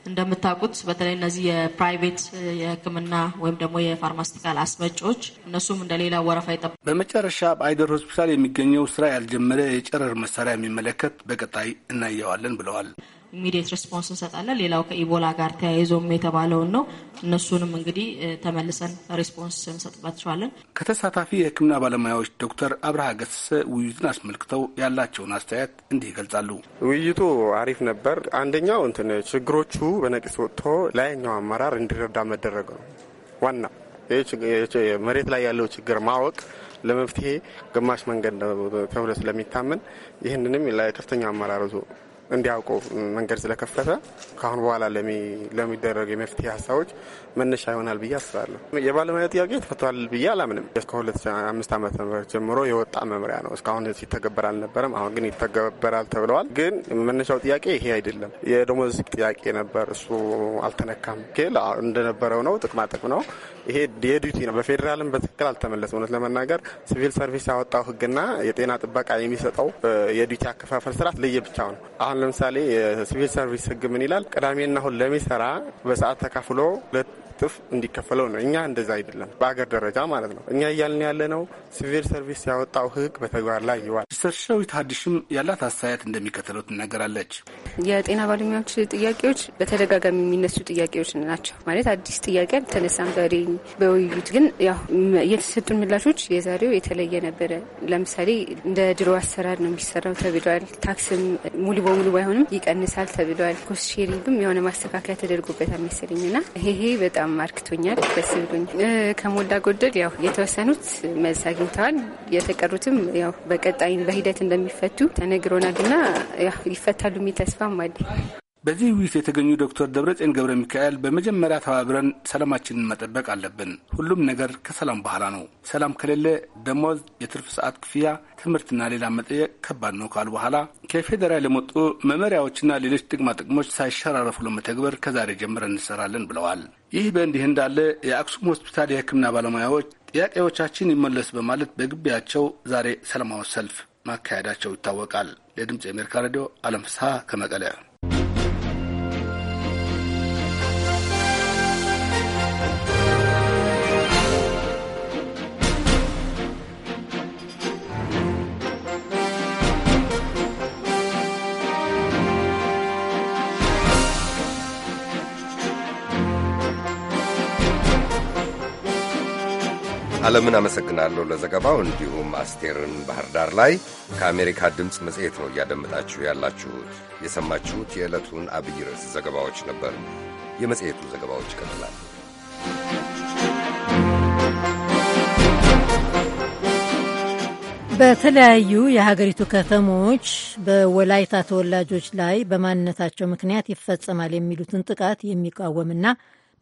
Speaker 9: እንደምታውቁት በተለይ እነዚህ የፕራይቬት የሕክምና ወይም ደግሞ የፋርማስቲካል አስመጪዎች እነሱም እንደሌላ ወረፋ ይጠ
Speaker 8: በመጨረሻ በአይደር ሆስፒታል የሚገኘው ስራ ያልጀመረ የጨረር መሳሪያ የሚመለከት በቀጣይ እናየዋለን ብለዋል።
Speaker 9: ኢሚዲየት ሬስፖንስ እንሰጣለን። ሌላው ከኢቦላ ጋር ተያይዞም የተባለውን ነው። እነሱንም እንግዲህ ተመልሰን ሬስፖንስ እንሰጥባቸዋለን።
Speaker 8: ከተሳታፊ የሕክምና ባለሙያዎች ዶክተር አብርሃ ገሰሰ ውይይቱን አስመልክተው ያላቸውን አስተያየት እንዲህ ይገልጻሉ።
Speaker 10: ውይይቱ አሪፍ ነበር። አንደኛው እንትን ችግሮቹ በነቂስ ወጥቶ ላይኛው አመራር እንዲረዳ መደረግ ነው ዋና መሬት ላይ ያለው ችግር ማወቅ ለመፍትሄ ግማሽ መንገድ ተብሎ ስለሚታመን ይህንንም ከፍተኛ አመራር እንዲያውቁ መንገድ ስለከፈተ ከአሁን በኋላ ለሚደረግ የመፍትሄ ሀሳቦች መነሻ ይሆናል ብዬ አስባለሁ። የባለሙያ ጥያቄ ተፈቷል ብዬ አላምንም። ከ2005 ዓመተ ምህረት ጀምሮ የወጣ መምሪያ ነው። እስካሁን ሲተገበር አልነበረም። አሁን ግን ይተገበራል ተብለዋል። ግን መነሻው ጥያቄ ይሄ አይደለም። የደሞዝ ጥያቄ ነበር። እሱ አልተነካም። እንደነበረው ነው። ጥቅማጥቅም ነው። ይሄ የዲዩቲ ነው። በፌዴራልም በትክክል አልተመለሰም። እውነት ለመናገር ሲቪል ሰርቪስ ያወጣው ህግና የጤና ጥበቃ የሚሰጠው የዲዩቲ አከፋፈል ስርዓት ለየ ብቻው ነው። አሁን ለምሳሌ የሲቪል ሰርቪስ ህግ ምን ይላል? ቅዳሜና እሁድ ለሚሰራ በሰዓት ተካፍሎ እጥፍ እንዲከፈለው ነው። እኛ እንደዛ አይደለም፣ በአገር ደረጃ ማለት ነው። እኛ እያልን ነው ሲቪል ሰርቪስ ያወጣው ህግ በተግባር ላይ ይዋል። ሰርሻዊት ሀዲሽም ያላት አስተያየት እንደሚከተለው ትናገራለች።
Speaker 11: የጤና
Speaker 6: ባለሙያዎች ጥያቄዎች በተደጋጋሚ የሚነሱ ጥያቄዎች ናቸው። ማለት አዲስ ጥያቄ አልተነሳም ዛሬ በውይይት ግን የተሰጡን ምላሾች የዛሬው የተለየ ነበረ። ለምሳሌ እንደ ድሮ አሰራር ነው የሚሰራው ተብሏል። ታክስም ሙሉ በሙሉ ባይሆንም ይቀንሳል ተብሏል። ኮስት ሼሪንግም የሆነ ማስተካከያ ተደርጎበታል መሰለኝና ይሄ በጣም በጣም አርክቶኛል፣ ደስ
Speaker 11: ከሞላ ጎደል ያው የተወሰኑት መልስ አግኝተዋል። የተቀሩትም ያው በቀጣይ በሂደት እንደሚፈቱ ተነግሮናል እና ይፈታሉ የሚል ተስፋም አለ።
Speaker 8: በዚህ ውይይት የተገኙ ዶክተር ደብረጽዮን ገብረ ሚካኤል በመጀመሪያ ተባብረን ሰላማችንን መጠበቅ አለብን። ሁሉም ነገር ከሰላም በኋላ ነው። ሰላም ከሌለ ደሞዝ፣ የትርፍ ሰዓት ክፍያ፣ ትምህርትና ሌላ መጠየቅ ከባድ ነው ካሉ በኋላ ከፌዴራል የመጡ መመሪያዎችና ሌሎች ጥቅማ ጥቅሞች ሳይሸራረፉ ለመተግበር ከዛሬ ጀምረን እንሰራለን ብለዋል። ይህ በእንዲህ እንዳለ የአክሱም ሆስፒታል የሕክምና ባለሙያዎች ጥያቄዎቻችን ይመለስ በማለት በግቢያቸው ዛሬ ሰላማዊ ሰልፍ ማካሄዳቸው ይታወቃል። ለድምፅ የአሜሪካ ሬዲዮ አለም ፍስሐ ከመቀለ
Speaker 1: ዓለምን አመሰግናለሁ ለዘገባው እንዲሁም አስቴርን ባህር ዳር ላይ ከአሜሪካ ድምፅ መጽሔት ነው እያደመጣችሁ ያላችሁት። የሰማችሁት የዕለቱን አብይ ርዕስ ዘገባዎች ነበር። የመጽሔቱ ዘገባዎች ይቀጥላል።
Speaker 2: በተለያዩ የሀገሪቱ ከተሞች በወላይታ ተወላጆች ላይ በማንነታቸው ምክንያት ይፈጸማል የሚሉትን ጥቃት የሚቃወምና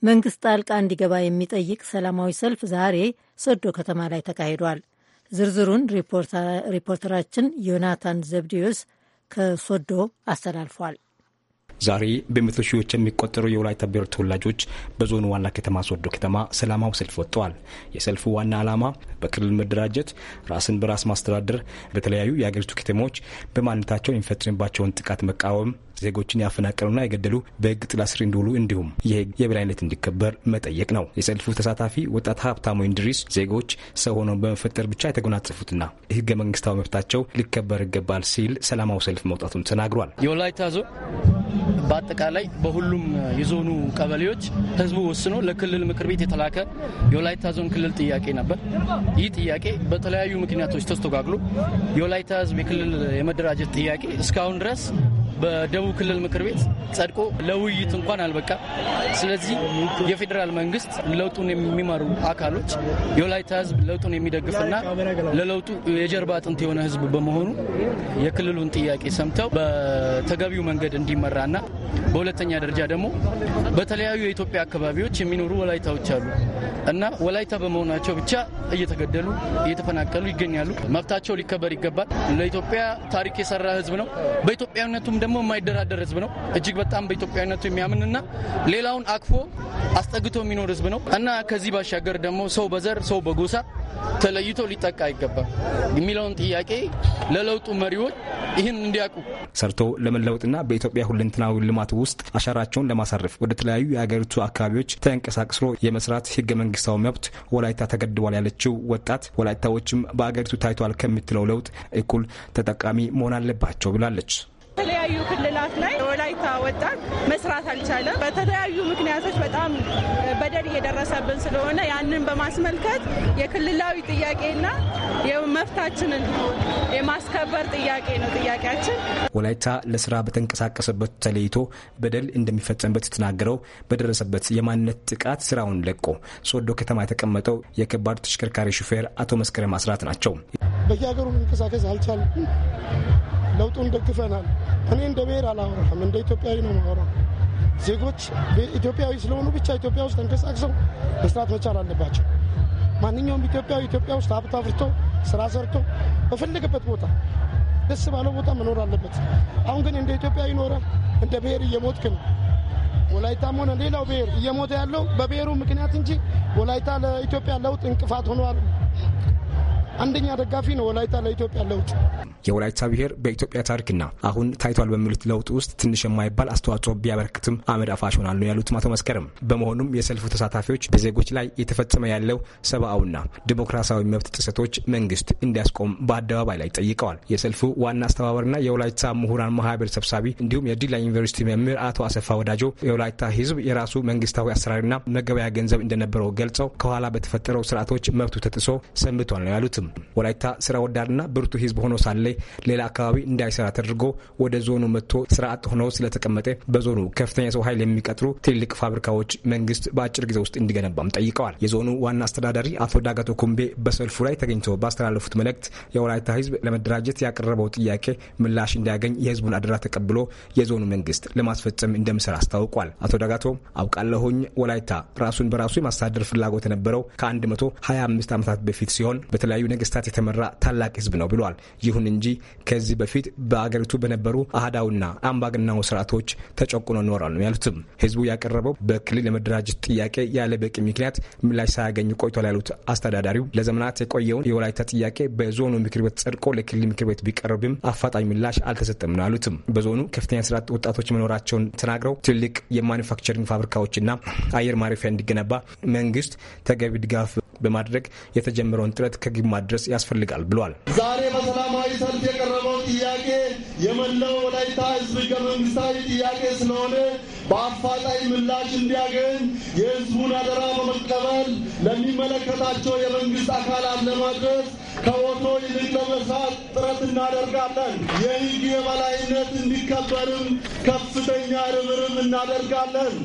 Speaker 2: መንግስት ጣልቃ እንዲገባ የሚጠይቅ ሰላማዊ ሰልፍ ዛሬ ሶዶ ከተማ ላይ ተካሂዷል። ዝርዝሩን ሪፖርተራችን ዮናታን ዘብዲዮስ ከሶዶ አስተላልፏል።
Speaker 12: ዛሬ በመቶ ሺዎች የሚቆጠሩ የወላይታ ብሔር ተወላጆች በዞኑ ዋና ከተማ ሶዶ ከተማ ሰላማዊ ሰልፍ ወጥተዋል። የሰልፉ ዋና ዓላማ በክልል መደራጀት፣ ራስን በራስ ማስተዳደር፣ በተለያዩ የአገሪቱ ከተሞች በማንነታቸው የሚፈጽምባቸውን ጥቃት መቃወም ዜጎችን ያፈናቀሉና የገደሉ በህግ ጥላ ስር እንዲውሉ እንዲሁም የህግ የበላይነት እንዲከበር መጠየቅ ነው። የሰልፉ ተሳታፊ ወጣት ሀብታሙ ኢንድሪስ ዜጎች ሰው ሆነው በመፈጠር ብቻ የተጎናጸፉትና ህገ መንግስታዊ መብታቸው ሊከበር ይገባል ሲል ሰላማዊ ሰልፍ መውጣቱን ተናግሯል።
Speaker 13: የወላይታ ዞን በአጠቃላይ በሁሉም የዞኑ ቀበሌዎች ህዝቡ ወስኖ ለክልል ምክር ቤት የተላከ የወላይታ ዞን ክልል ጥያቄ ነበር። ይህ ጥያቄ በተለያዩ ምክንያቶች ተስተጓግሎ የወላይታ ህዝብ የክልል የመደራጀት ጥያቄ እስካሁን ድረስ በደቡብ ክልል ምክር ቤት ጸድቆ ለውይይት እንኳን አልበቃ። ስለዚህ የፌዴራል መንግስት ለውጡን የሚመሩ አካሎች የወላይታ ህዝብ ለውጡን የሚደግፍና ለለውጡ የጀርባ አጥንት የሆነ ህዝብ በመሆኑ የክልሉን ጥያቄ ሰምተው በተገቢው መንገድ እንዲመራና በሁለተኛ ደረጃ ደግሞ በተለያዩ የኢትዮጵያ አካባቢዎች የሚኖሩ ወላይታዎች አሉ እና ወላይታ በመሆናቸው ብቻ እየተገደሉ እየተፈናቀሉ ይገኛሉ። መብታቸው ሊከበር ይገባል። ለኢትዮጵያ ታሪክ የሰራ ህዝብ ነው። በኢትዮጵያዊነቱም ደግሞ የማይደራደር ህዝብ ነው። እጅግ በጣም በኢትዮጵያዊነቱ የሚያምንና ሌላውን አቅፎ አስጠግቶ የሚኖር ህዝብ ነው እና ከዚህ ባሻገር ደግሞ ሰው በዘር ሰው በጎሳ ተለይቶ ሊጠቃ አይገባም የሚለውን ጥያቄ ለለውጡ መሪዎች ይህን እንዲያውቁ
Speaker 12: ሰርቶ ለመለወጥና በኢትዮጵያ ሁለንትናዊ ልማት ውስጥ አሻራቸውን ለማሳረፍ ወደ ተለያዩ የአገሪቱ አካባቢዎች ተንቀሳቅሶ የመስራት ህገ መንግስታዊ መብት ወላይታ ተገድቧል ያለችው ወጣት ወላይታዎችም በአገሪቱ ታይቷል ከምትለው ለውጥ እኩል ተጠቃሚ መሆን አለባቸው ብላለች።
Speaker 14: የተለያዩ ክልላት ላይ ወላይታ ወጣት መስራት አልቻለም። በተለያዩ ምክንያቶች በጣም በደል እየደረሰብን ስለሆነ ያንን በማስመልከት የክልላዊ ጥያቄና የመፍታችንን የማስከበር ጥያቄ ነው ጥያቄያችን።
Speaker 12: ወላይታ ለስራ በተንቀሳቀሰበት ተለይቶ በደል እንደሚፈጸምበት የተናገረው በደረሰበት የማንነት ጥቃት ስራውን ለቆ ሶዶ ከተማ የተቀመጠው የከባድ ተሽከርካሪ ሹፌር አቶ መስከረም አስራት ናቸው።
Speaker 10: በየሀገሩ መንቀሳቀስ አልቻለም። ለውጡን ደግፈናል። እኔ እንደ ብሔር አላወራም፣ እንደ ኢትዮጵያዊ ነው ማወራ። ዜጎች ኢትዮጵያዊ ስለሆኑ ብቻ ኢትዮጵያ ውስጥ ተንቀሳቅሰው መስራት መቻል አለባቸው። ማንኛውም ኢትዮጵያዊ ኢትዮጵያ ውስጥ ሀብት አፍርቶ ስራ ሰርቶ በፈለገበት ቦታ ደስ ባለው ቦታ መኖር አለበት። አሁን ግን እንደ ኢትዮጵያዊ ኖረ እንደ ብሔር እየሞትክ ነው። ወላይታም ሆነ ሌላው ብሔር እየሞተ ያለው በብሔሩ ምክንያት እንጂ ወላይታ ለኢትዮጵያ ለውጥ እንቅፋት ሆኗል አንደኛ ደጋፊ ነው ወላይታ ለኢትዮጵያ ለውጥ።
Speaker 12: የወላይታ ብሔር በኢትዮጵያ ታሪክና አሁን ታይቷል በሚሉት ለውጥ ውስጥ ትንሽ የማይባል አስተዋጽኦ ቢያበረክትም አመድ አፋሽ ሆናሉ ያሉት አቶ መስከረም፣ በመሆኑም የሰልፉ ተሳታፊዎች በዜጎች ላይ የተፈጸመ ያለው ሰብአውና ዲሞክራሲያዊ መብት ጥሰቶች መንግስት እንዲያስቆም በአደባባይ ላይ ጠይቀዋል። የሰልፉ ዋና አስተባባሪና የወላይታ ምሁራን ማህበር ሰብሳቢ እንዲሁም የዲላ ዩኒቨርሲቲ መምህር አቶ አሰፋ ወዳጆ የወላይታ ህዝብ የራሱ መንግስታዊ አሰራርና መገበያ ገንዘብ እንደነበረው ገልጸው ከኋላ በተፈጠረው ስርዓቶች መብቱ ተጥሶ ሰንብቷል ነው ያሉትም። አይደለም። ወላይታ ስራ ወዳድና ብርቱ ህዝብ ሆኖ ሳለ ሌላ አካባቢ እንዳይሰራ ተደርጎ ወደ ዞኑ መጥቶ ስራ አጥ ሆኖ ስለተቀመጠ በዞኑ ከፍተኛ ሰው ኃይል የሚቀጥሩ ትልልቅ ፋብሪካዎች መንግስት በአጭር ጊዜ ውስጥ እንዲገነባም ጠይቀዋል። የዞኑ ዋና አስተዳዳሪ አቶ ዳጋቶ ኩምቤ በሰልፉ ላይ ተገኝተው ባስተላለፉት መልእክት የወላይታ ህዝብ ለመደራጀት ያቀረበው ጥያቄ ምላሽ እንዲያገኝ የህዝቡን አደራ ተቀብሎ የዞኑ መንግስት ለማስፈጸም እንደሚሰራ አስታውቋል። አቶ ዳጋቶ አውቃለሁኝ ወላይታ ራሱን በራሱ የማስተዳደር ፍላጎት የነበረው ከ125 ዓመታት በፊት ሲሆን በተለያዩ ነገስታት የተመራ ታላቅ ህዝብ ነው ብሏል። ይሁን እንጂ ከዚህ በፊት በአገሪቱ በነበሩ አህዳውና አምባገናው ስርዓቶች ተጨቁኖ ኖሯል ነው ያሉትም። ህዝቡ ያቀረበው በክልል የመደራጀት ጥያቄ ያለ በቂ ምክንያት ምላሽ ሳያገኙ ቆይቷል ያሉት አስተዳዳሪው ለዘመናት የቆየውን የወላይታ ጥያቄ በዞኑ ምክር ቤት ጸድቆ ለክልል ምክር ቤት ቢቀርብም አፋጣኝ ምላሽ አልተሰጠም ነው ያሉትም። በዞኑ ከፍተኛ ስርዓት ወጣቶች መኖራቸውን ተናግረው ትልቅ የማኒፋክቸሪንግ ፋብሪካዎችና አየር ማረፊያ እንዲገነባ መንግስት ተገቢ ድጋፍ በማድረግ የተጀመረውን ጥረት ከግብ ማድረስ ያስፈልጋል ብሏል።
Speaker 15: ዛሬ በሰላማዊ ሰልፍ የቀረበው ጥያቄ የመላው ወላይታ ህዝብ ህገ መንግስታዊ ጥያቄ ስለሆነ
Speaker 8: በአፋጣኝ ምላሽ እንዲያገኝ የህዝቡን አደራ በመቀበል ለሚመለከታቸው የመንግስት አካላት ለማድረስ ከወትሮ ይልቅ ለመስራት ጥረት እናደርጋለን። የህግ የበላይነት እንዲከበርም ከፍተኛ
Speaker 15: ርብርም እናደርጋለን።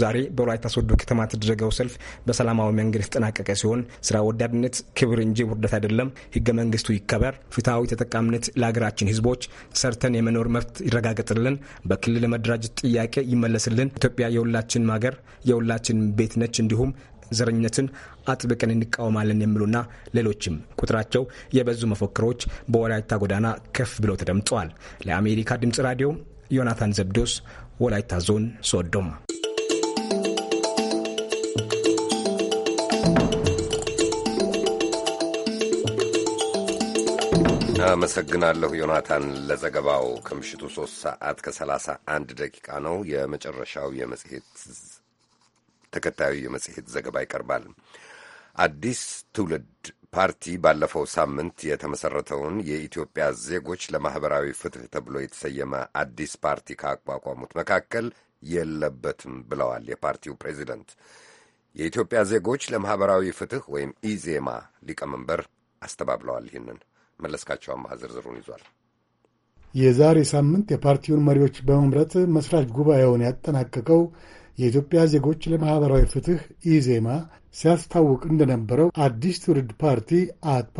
Speaker 12: ዛሬ በወላይታ ሶዶ ከተማ የተደረገው ሰልፍ በሰላማዊ መንገድ የተጠናቀቀ ሲሆን ስራ ወዳድነት ክብር እንጂ ውርደት አይደለም፣ ህገ መንግስቱ ይከበር፣ ፍትሐዊ ተጠቃሚነት ለሀገራችን ህዝቦች፣ ሰርተን የመኖር መብት ይረጋገጥልን፣ በክልል መደራጀት ጥያቄ ይመለስልን፣ ኢትዮጵያ የሁላችንም ሀገር የሁላችን ቤት ነች፣ እንዲሁም ዘረኝነትን አጥብቀን እንቃወማለን የሚሉና ሌሎችም ቁጥራቸው የበዙ መፈክሮች በወላይታ ጎዳና ከፍ ብለው ተደምጠዋል። ለአሜሪካ ድምፅ ራዲዮ ዮናታን ዘብዶስ ወላይታ ዞን ሶዶም
Speaker 1: አመሰግናለሁ ዮናታን ለዘገባው። ከምሽቱ ሶስት ሰዓት ከሰላሳ አንድ ደቂቃ ነው። የመጨረሻው የመጽሔት ተከታዩ የመጽሔት ዘገባ ይቀርባል። አዲስ ትውልድ ፓርቲ ባለፈው ሳምንት የተመሠረተውን የኢትዮጵያ ዜጎች ለማኅበራዊ ፍትሕ ተብሎ የተሰየመ አዲስ ፓርቲ ካቋቋሙት መካከል የለበትም ብለዋል የፓርቲው ፕሬዚደንት። የኢትዮጵያ ዜጎች ለማኅበራዊ ፍትሕ ወይም ኢዜማ ሊቀመንበር አስተባብለዋል ይህንን መለስካቸው አማሃ ዝርዝሩን ይዟል።
Speaker 15: የዛሬ ሳምንት የፓርቲውን መሪዎች በመምረጥ መስራች ጉባኤውን ያጠናቀቀው የኢትዮጵያ ዜጎች ለማኅበራዊ ፍትሕ ኢዜማ ሲያስታውቅ እንደነበረው አዲስ ትውልድ ፓርቲ አጥፓ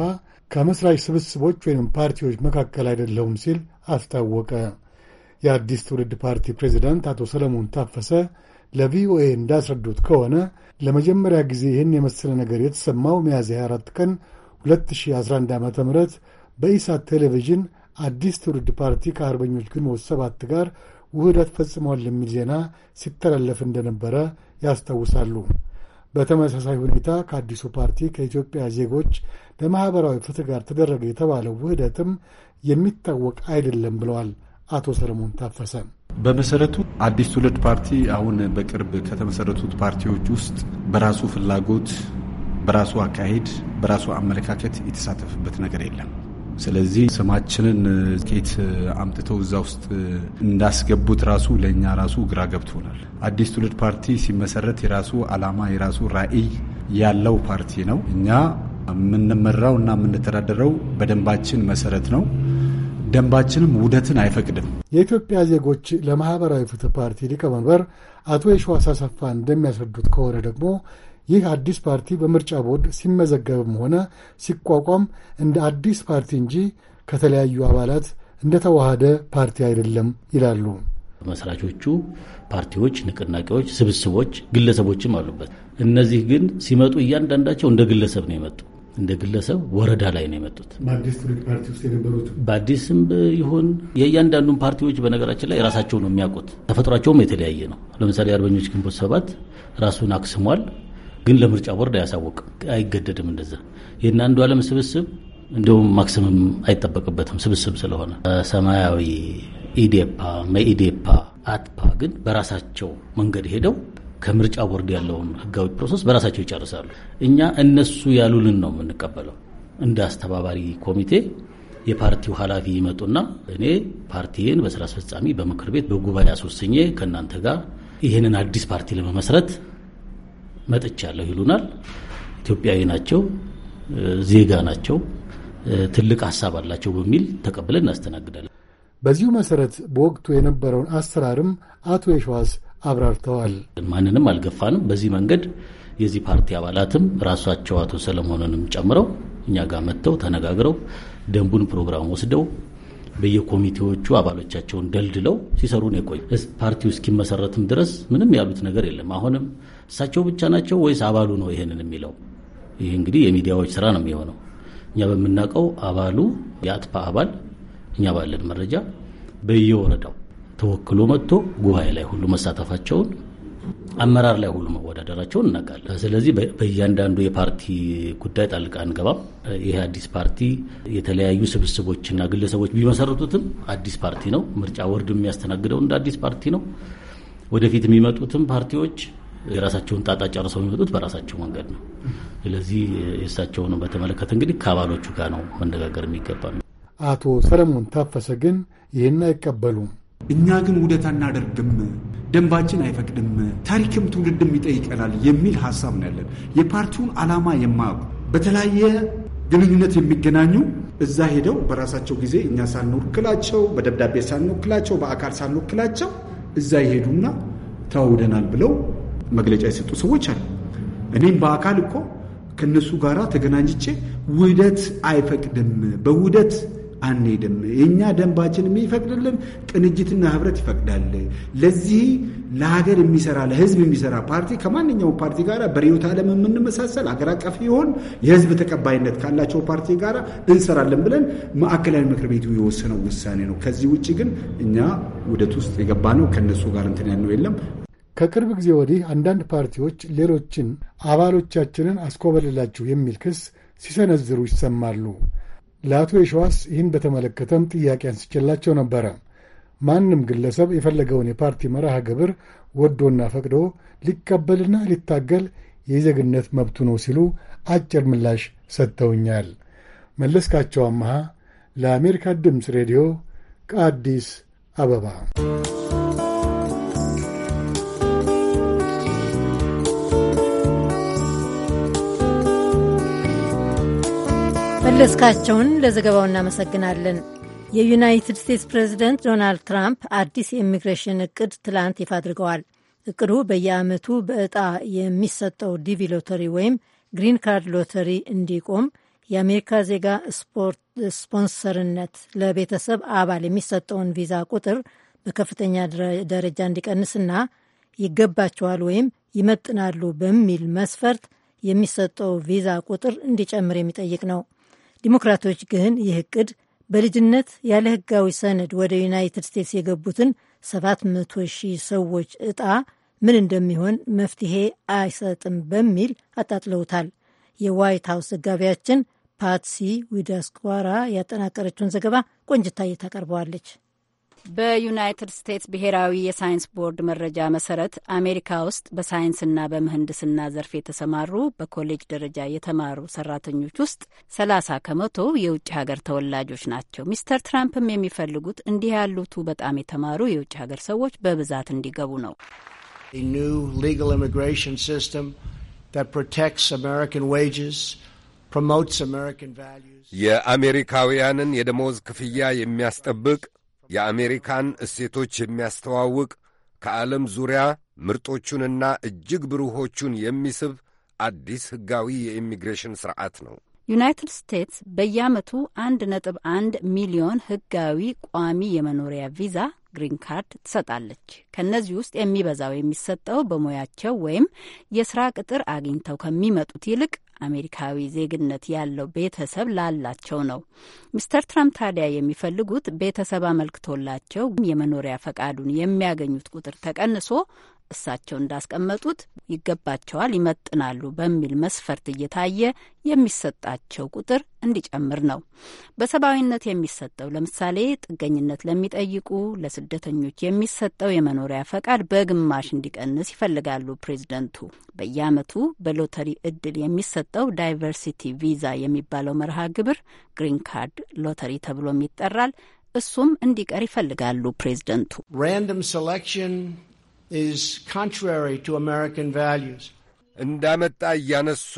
Speaker 15: ከመስራች ስብስቦች ወይም ፓርቲዎች መካከል አይደለሁም ሲል አስታወቀ። የአዲስ ትውልድ ፓርቲ ፕሬዚዳንት አቶ ሰለሞን ታፈሰ ለቪኦኤ እንዳስረዱት ከሆነ ለመጀመሪያ ጊዜ ይህን የመሰለ ነገር የተሰማው ሚያዝያ 24 ቀን 2011 ዓ ም በኢሳት ቴሌቪዥን አዲስ ትውልድ ፓርቲ ከአርበኞች ግንቦት ሰባት ጋር ውህደት ፈጽመዋል የሚል ዜና ሲተላለፍ እንደነበረ ያስታውሳሉ። በተመሳሳይ ሁኔታ ከአዲሱ ፓርቲ ከኢትዮጵያ ዜጎች ለማኅበራዊ ፍትሕ ጋር ተደረገ የተባለው ውህደትም የሚታወቅ አይደለም ብለዋል አቶ ሰለሞን ታፈሰ።
Speaker 16: በመሰረቱ አዲስ ትውልድ ፓርቲ አሁን በቅርብ ከተመሰረቱት ፓርቲዎች ውስጥ በራሱ ፍላጎት በራሱ አካሄድ በራሱ አመለካከት የተሳተፈበት ነገር የለም። ስለዚህ ስማችንን ኬት አምጥተው እዛ ውስጥ እንዳስገቡት ራሱ ለእኛ ራሱ ግራ ገብቶናል። አዲስ ትውልድ ፓርቲ ሲመሰረት የራሱ ዓላማ የራሱ ራዕይ ያለው ፓርቲ ነው። እኛ የምንመራው እና የምንተዳደረው በደንባችን መሰረት ነው። ደንባችንም ውደትን አይፈቅድም።
Speaker 15: የኢትዮጵያ ዜጎች ለማህበራዊ ፍትህ ፓርቲ ሊቀመንበር አቶ የሸዋስ አሰፋ እንደሚያስረዱት ከሆነ ደግሞ ይህ አዲስ ፓርቲ በምርጫ ቦርድ ሲመዘገብም ሆነ ሲቋቋም እንደ አዲስ ፓርቲ እንጂ ከተለያዩ አባላት እንደተዋሃደ ፓርቲ አይደለም ይላሉ።
Speaker 17: መስራቾቹ ፓርቲዎች፣ ንቅናቄዎች፣ ስብስቦች፣ ግለሰቦችም አሉበት። እነዚህ ግን ሲመጡ እያንዳንዳቸው እንደ ግለሰብ ነው የመጡ እንደ ግለሰብ ወረዳ ላይ ነው የመጡት። በአዲስም ይሁን የእያንዳንዱን ፓርቲዎች በነገራችን ላይ ራሳቸው ነው የሚያውቁት። ተፈጥሯቸውም የተለያየ ነው። ለምሳሌ የአርበኞች ግንቦት ሰባት ራሱን አክስሟል። ግን ለምርጫ ቦርድ አያሳውቅም፣ አይገደድም። እንደዛ ይህን አንዱ አለም ስብስብ እንዲሁም ማክሰምም አይጠበቅበትም ስብስብ ስለሆነ ሰማያዊ፣ ኢዴፓ፣ መኢዴፓ፣ አትፓ ግን በራሳቸው መንገድ ሄደው ከምርጫ ቦርድ ያለውን ህጋዊ ፕሮሰስ በራሳቸው ይጨርሳሉ። እኛ እነሱ ያሉልን ነው የምንቀበለው። እንደ አስተባባሪ ኮሚቴ የፓርቲው ኃላፊ ይመጡና እኔ ፓርቲን በስራ አስፈጻሚ፣ በምክር ቤት፣ በጉባኤ አስወስኜ ከእናንተ ጋር ይህንን አዲስ ፓርቲ ለመመስረት መጥቻለሁ ይሉናል። ኢትዮጵያዊ ናቸው፣ ዜጋ ናቸው፣ ትልቅ ሀሳብ አላቸው በሚል ተቀብለን እናስተናግዳለን።
Speaker 15: በዚሁ መሰረት በወቅቱ የነበረውን አሰራርም አቶ የሸዋስ አብራርተዋል።
Speaker 17: ማንንም አልገፋንም። በዚህ መንገድ የዚህ ፓርቲ አባላትም ራሷቸው አቶ ሰለሞንንም ጨምረው እኛ ጋር መጥተው ተነጋግረው ደንቡን ፕሮግራም ወስደው በየኮሚቴዎቹ አባሎቻቸውን ደልድለው ሲሰሩን የቆዩ ፓርቲው እስኪመሰረትም ድረስ ምንም ያሉት ነገር የለም። አሁንም እሳቸው ብቻ ናቸው ወይስ አባሉ ነው ይሄንን የሚለው? ይህ እንግዲህ የሚዲያዎች ስራ ነው የሚሆነው። እኛ በምናውቀው አባሉ የአጥፓ አባል እኛ ባለን መረጃ በየወረዳው ተወክሎ መጥቶ ጉባኤ ላይ ሁሉ መሳተፋቸውን አመራር ላይ ሁሉ መወዳደራቸውን እናውቃለን። ስለዚህ በእያንዳንዱ የፓርቲ ጉዳይ ጣልቃ አንገባም። ይህ አዲስ ፓርቲ የተለያዩ ስብስቦችና ግለሰቦች ቢመሰረቱትም አዲስ ፓርቲ ነው። ምርጫ ወርድ የሚያስተናግደው እንደ አዲስ ፓርቲ ነው። ወደፊት የሚመጡትም ፓርቲዎች የራሳቸውን ጣጣ ጨርሰው የሚመጡት በራሳቸው መንገድ ነው። ስለዚህ የእሳቸውን በተመለከተ እንግዲህ ከአባሎቹ ጋር ነው መነጋገር የሚገባ ነው።
Speaker 15: አቶ ሰለሞን ታፈሰ ግን ይህን አይቀበሉም። እኛ ግን ውደት አናደርግም፣ ደንባችን አይፈቅድም፣ ታሪክም ትውልድም ይጠይቀናል የሚል
Speaker 16: ሀሳብ ነው ያለን። የፓርቲውን ዓላማ የማያውቁ በተለያየ ግንኙነት የሚገናኙ እዛ ሄደው በራሳቸው ጊዜ እኛ ሳንወክላቸው፣ በደብዳቤ ሳንወክላቸው፣ በአካል ሳንወክላቸው እዛ ይሄዱና ተዋውደናል ብለው መግለጫ የሰጡ ሰዎች አሉ። እኔም በአካል እኮ ከነሱ ጋር ተገናኝቼ ውህደት አይፈቅድም፣ በውህደት አንሄድም፣ የእኛ ደንባችን የሚፈቅድልን ቅንጅትና ህብረት ይፈቅዳል። ለዚህ ለሀገር የሚሰራ ለህዝብ የሚሰራ ፓርቲ ከማንኛውም ፓርቲ ጋር በርዕዮተ ዓለም የምንመሳሰል አገር አቀፍ ይሆን የህዝብ ተቀባይነት ካላቸው ፓርቲ ጋር እንሰራለን ብለን ማዕከላዊ ምክር ቤቱ የወሰነው ውሳኔ ነው። ከዚህ ውጭ ግን እኛ ውህደት ውስጥ የገባ ነው ከነሱ ጋር እንትን ያልነው የለም።
Speaker 15: ከቅርብ ጊዜ ወዲህ አንዳንድ ፓርቲዎች ሌሎችን አባሎቻችንን አስኮበልላችሁ የሚል ክስ ሲሰነዝሩ ይሰማሉ። ለአቶ የሸዋስ ይህን በተመለከተም ጥያቄ አንስቼላቸው ነበረ። ማንም ግለሰብ የፈለገውን የፓርቲ መርሃ ግብር ወዶና ፈቅዶ ሊቀበልና ሊታገል የዜግነት መብቱ ነው ሲሉ አጭር ምላሽ ሰጥተውኛል። መለስካቸው አመሃ ለአሜሪካ ድምፅ ሬዲዮ ከአዲስ አበባ
Speaker 2: መለስካቸውን ለዘገባው እናመሰግናለን። የዩናይትድ ስቴትስ ፕሬዝደንት ዶናልድ ትራምፕ አዲስ የኢሚግሬሽን እቅድ ትላንት ይፋ አድርገዋል። እቅዱ በየዓመቱ በእጣ የሚሰጠው ዲቪ ሎተሪ ወይም ግሪን ካርድ ሎተሪ እንዲቆም፣ የአሜሪካ ዜጋ ስፖንሰርነት ለቤተሰብ አባል የሚሰጠውን ቪዛ ቁጥር በከፍተኛ ደረጃ እንዲቀንስና ይገባቸዋል ወይም ይመጥናሉ በሚል መስፈርት የሚሰጠው ቪዛ ቁጥር እንዲጨምር የሚጠይቅ ነው። ዲሞክራቶች ግን ይህ እቅድ በልጅነት ያለ ህጋዊ ሰነድ ወደ ዩናይትድ ስቴትስ የገቡትን 700 ሺህ ሰዎች እጣ ምን እንደሚሆን መፍትሄ አይሰጥም በሚል አጣጥለውታል። የዋይት ሀውስ ዘጋቢያችን ፓትሲ ዊዳስኳራ ያጠናቀረችውን ዘገባ ቆንጅታ ታቀርበዋለች።
Speaker 18: በዩናይትድ ስቴትስ ብሔራዊ የሳይንስ ቦርድ መረጃ መሰረት አሜሪካ ውስጥ በሳይንስና በምህንድስና ዘርፍ የተሰማሩ በኮሌጅ ደረጃ የተማሩ ሰራተኞች ውስጥ 30 ከመቶ የውጭ ሀገር ተወላጆች ናቸው። ሚስተር ትራምፕም የሚፈልጉት እንዲህ ያሉቱ በጣም የተማሩ የውጭ
Speaker 19: ሀገር ሰዎች በብዛት እንዲገቡ ነው።
Speaker 1: የአሜሪካውያንን የደሞዝ ክፍያ የሚያስጠብቅ የአሜሪካን እሴቶች የሚያስተዋውቅ ከዓለም ዙሪያ ምርጦቹንና እጅግ ብሩሆቹን የሚስብ አዲስ ሕጋዊ የኢሚግሬሽን ሥርዓት ነው።
Speaker 18: ዩናይትድ ስቴትስ በየዓመቱ አንድ ነጥብ አንድ ሚሊዮን ሕጋዊ ቋሚ የመኖሪያ ቪዛ ግሪን ካርድ ትሰጣለች። ከእነዚህ ውስጥ የሚበዛው የሚሰጠው በሙያቸው ወይም የስራ ቅጥር አግኝተው ከሚመጡት ይልቅ አሜሪካዊ ዜግነት ያለው ቤተሰብ ላላቸው ነው። ሚስተር ትራምፕ ታዲያ የሚፈልጉት ቤተሰብ አመልክቶላቸው የመኖሪያ ፈቃዱን የሚያገኙት ቁጥር ተቀንሶ እሳቸው እንዳስቀመጡት ይገባቸዋል፣ ይመጥናሉ በሚል መስፈርት እየታየ የሚሰጣቸው ቁጥር እንዲጨምር ነው። በሰብአዊነት የሚሰጠው ለምሳሌ ጥገኝነት ለሚጠይቁ ለስደተኞች የሚሰጠው የመኖሪያ ፈቃድ በግማሽ እንዲቀንስ ይፈልጋሉ ፕሬዝደንቱ። በየአመቱ በሎተሪ እድል የሚሰጠው ዳይቨርሲቲ ቪዛ የሚባለው መርሃ ግብር ግሪን ካርድ ሎተሪ ተብሎም ይጠራል። እሱም እንዲቀር ይፈልጋሉ ፕሬዝደንቱ።
Speaker 1: እንዳመጣ እያነሱ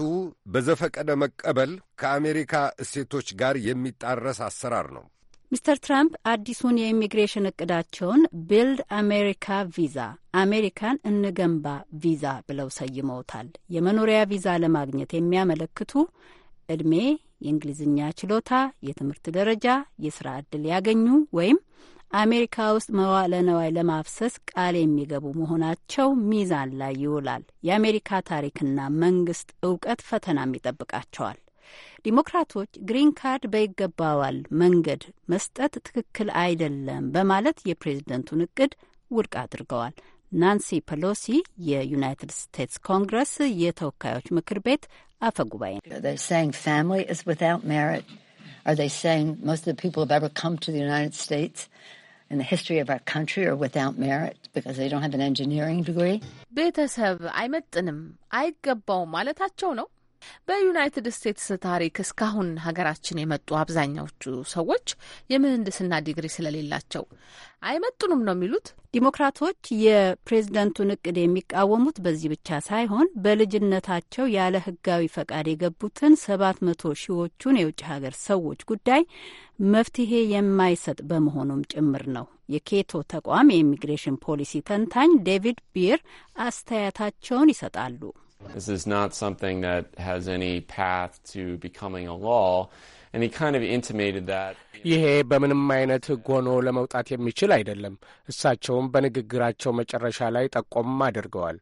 Speaker 1: በዘፈቀደ መቀበል ከአሜሪካ እሴቶች ጋር የሚጣረስ አሰራር ነው።
Speaker 18: ሚስተር ትራምፕ አዲሱን የኢሚግሬሽን እቅዳቸውን ቢልድ አሜሪካ ቪዛ አሜሪካን እንገንባ ቪዛ ብለው ሰይመውታል። የመኖሪያ ቪዛ ለማግኘት የሚያመለክቱ ዕድሜ፣ የእንግሊዝኛ ችሎታ፣ የትምህርት ደረጃ፣ የስራ ዕድል ያገኙ ወይም አሜሪካ ውስጥ መዋለ ነዋይ ለማፍሰስ ቃል የሚገቡ መሆናቸው ሚዛን ላይ ይውላል። የአሜሪካ ታሪክና መንግስት እውቀት ፈተናም ይጠብቃቸዋል። ዲሞክራቶች ግሪን ካርድ በይገባዋል መንገድ መስጠት ትክክል አይደለም በማለት የፕሬዝደንቱን እቅድ ውድቅ አድርገዋል። ናንሲ ፐሎሲ የዩናይትድ ስቴትስ ኮንግረስ የተወካዮች ምክር ቤት አፈ ጉባኤ
Speaker 6: in the history of our country are without
Speaker 11: merit because they don't have an engineering degree. በዩናይትድ ስቴትስ ታሪክ እስካሁን ሀገራችን የመጡ አብዛኛዎቹ ሰዎች የምህንድስና ዲግሪ ስለሌላቸው አይመጡንም ነው የሚሉት።
Speaker 18: ዲሞክራቶች የፕሬዝደንቱን እቅድ የሚቃወሙት በዚህ ብቻ ሳይሆን በልጅነታቸው ያለ ህጋዊ ፈቃድ የገቡትን ሰባት መቶ ሺዎቹን የውጭ ሀገር ሰዎች ጉዳይ መፍትሄ የማይሰጥ በመሆኑም ጭምር ነው። የኬቶ ተቋም የኢሚግሬሽን ፖሊሲ ተንታኝ ዴቪድ ቢር አስተያየታቸውን ይሰጣሉ።
Speaker 20: This is not something that has any path to becoming a law.
Speaker 7: ይሄ በምንም አይነት ሕግ ሆኖ ለመውጣት የሚችል አይደለም። እሳቸውም በንግግራቸው መጨረሻ ላይ ጠቆም አድርገዋል።